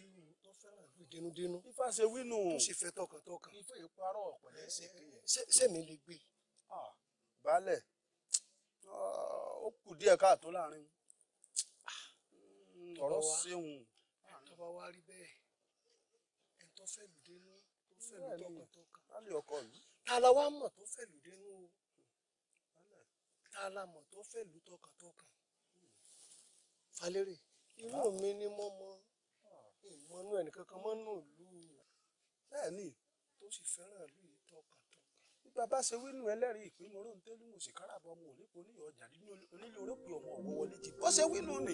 wínú. tó sì fẹ́ tọkàntọkàn. ifá ìparọ́ ọ̀pẹ̀lẹ́ sẹ́mi lè gbé. baálẹ̀ ó kù díẹ̀ káàtó láàrin hmm, ọ̀rọ̀ ṣéhun. tọ́ba wá rí bẹ́ẹ̀ ẹ̀ tó fẹ́ lù dénú tó fẹ́ lù tọkàntọkàn ta la wá mọ̀ tó fẹ̀lú dénú o ta la mọ̀ tó fẹ̀lú tọkàntọkàn falérè irú mi ni mo mọ ìmọ̀nú ẹnìkankan mọ́nú ìlú bẹ́ẹ̀ni tó sì fẹ́ràn ìlú yìí tọkàntọkàn. bí bàbá ṣe wínú ẹlẹ́rìí ìpinnu oróǹtẹ́lú mo sì káràbọ̀ ọmọ òlépo ní ọjà nínú onílé orópè ọmọ ọ̀wọ́ wọlé ti bọ́ ṣe wínú ni.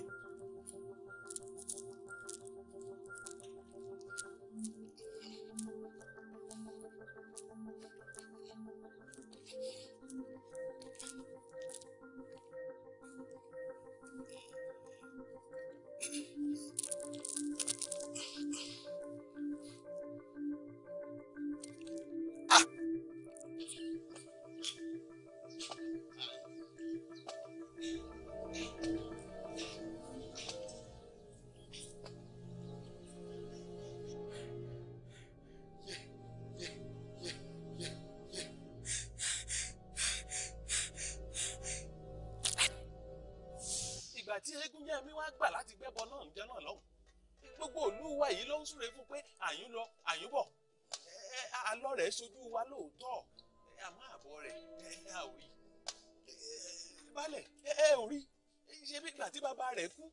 rẹ̀ kú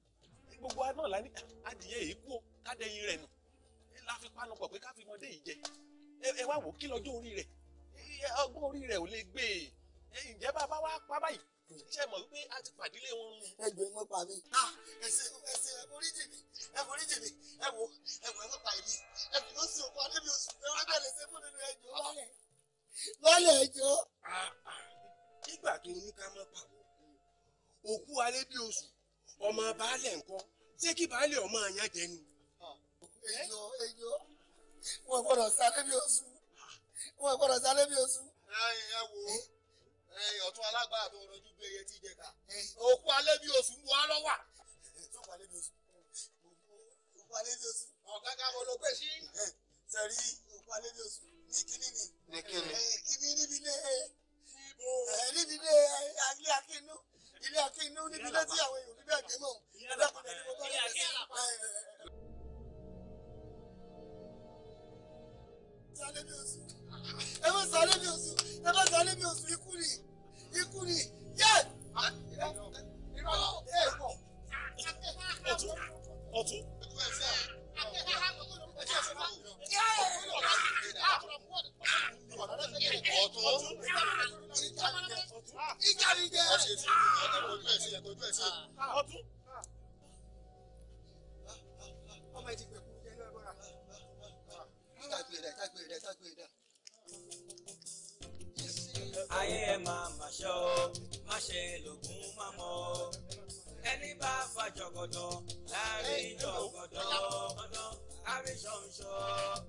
gbogbo wa náà lání adìyẹ yìí kú o kádẹ́yìn rẹ̀ nù la fi panu pọ̀ pé ká fi mọdé yìí jẹ ẹ wá wò kí lọ́jọ́ orí rẹ̀ ọgbọ́n orí rẹ̀ ò lè gbé e ǹjẹ́ bàbá wa pa báyìí ṣe mọ̀ wípé a ti pàdílé wọn rún. ẹgbẹ́ mọ́ pa mi. ẹsẹ ẹsẹ ẹforí jìbì ẹforí jìbì ẹwọ ẹwọ ẹwọ pa èmi ẹbí ló sì òkú adébí oṣù ẹwọ ẹgbẹ́ lè ṣe fún nínú ẹjọ́ lálẹ́ lálẹ́ ẹjọ́. nígbà tó ní ká mọ́ pa òkú adébí oṣù ọmọ baálẹ̀ ńkọ́ ṣé kí baálẹ̀ ọmọ àyàn jẹ ni. èyọ èyọ wọn gbọ́dọ̀ sálẹ bí oṣù wọn gbọ́dọ̀ sálẹ bí oṣù. ẹ wo ọ̀tún alágbára tó rọjú gbé iye tí ì jẹka òkú alẹ́ bí oṣù ń bu alọ́ wà. òkú alẹ́ bí oṣù òkú alẹ́ bí oṣù. ọ̀gá ká mo lọ pẹ́ sí. sẹ́rí òkú alẹ́ bí oṣù ní kínní ni. ní kínní. kínní níbi ilé níbi ilé agilé akínú ilé akin ní níbi létí àwọn èèyàn bíbẹ́ ẹ̀gẹ́ mọ̀ ẹ̀dá kò ní ẹni gbogbo ọ̀rẹ́ ẹ̀sìn. ẹ má sáré mi oṣù ẹ má sáré mi oṣù ikú ni ikú ni yẹ. ọtún ọtún ayé ẹ máa mà ṣọ́ má ṣe lògùn má mọ́ ẹni bá fa jọ̀gọ̀dọ̀ láàrin jọ̀gọ̀dọ̀ àríṣọ̀ṣọ̀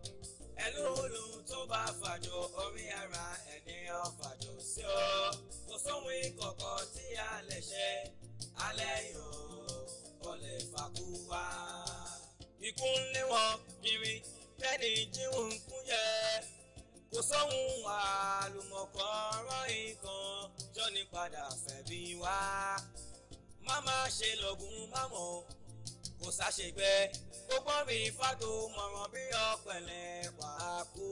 ẹ lóhùn lóhùn tó bá fàjọ orí ara ẹni ọ̀fàjọ sí ọ kò sóhun ìkọ̀kọ̀ tí a lè ṣe alẹ́ yòó kò lè fàkú wá. ikú ń lé wọn kiri bẹ́ẹ̀ni jíhùn ń kú yẹ kò sóhun àlùmọ̀kọ́ ọ̀rọ̀ nǹkan jọ́ni padà fẹ̀bi wá má má ṣe lọ́gùn má kò ṣàṣegbẹ́ gbogbo rìn fàtó mọ̀ràn bí ọ̀pẹ̀lẹ̀ wà á kú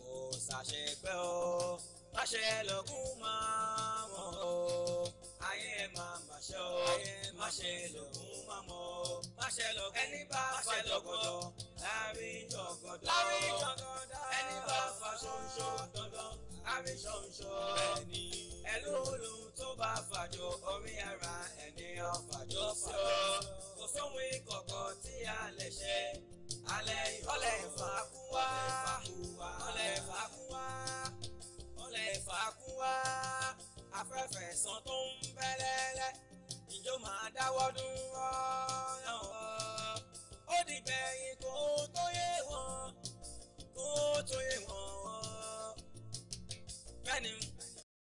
kò ṣàṣegbẹ́ o máṣe lọ́gùn máa mọ̀ o ayé ẹ̀ máa máṣe o máṣe lọ́gùn máa mọ̀ o máṣe lọ́gùn ẹni bá fàjọ gbọ́dọ̀ láàrin jọ̀gọ̀dọ̀ ẹni bá fàṣọ ṣọ́ dandan àmì ṣọ̀ṣọ̀ ẹ lóhùn tó bá fàjọ orí ara ẹni ọ̀fàjọ sí ọ kò sóhun ìkọ̀kọ̀ tí a lè ṣe alẹ́ ìfọlẹ́ ìfàkùn wá ọlẹ́ ìfàkùn wá ọlẹ́ ìfàkùn wá afẹ́fẹ́ sàn tó ń bẹ́lẹ́lẹ́ ìjọ máa dáwọ́ dúró náà ó dìgbẹ̀yìn kó tó yé wọn kó tó yé wọn. bẹ́ẹ̀ ni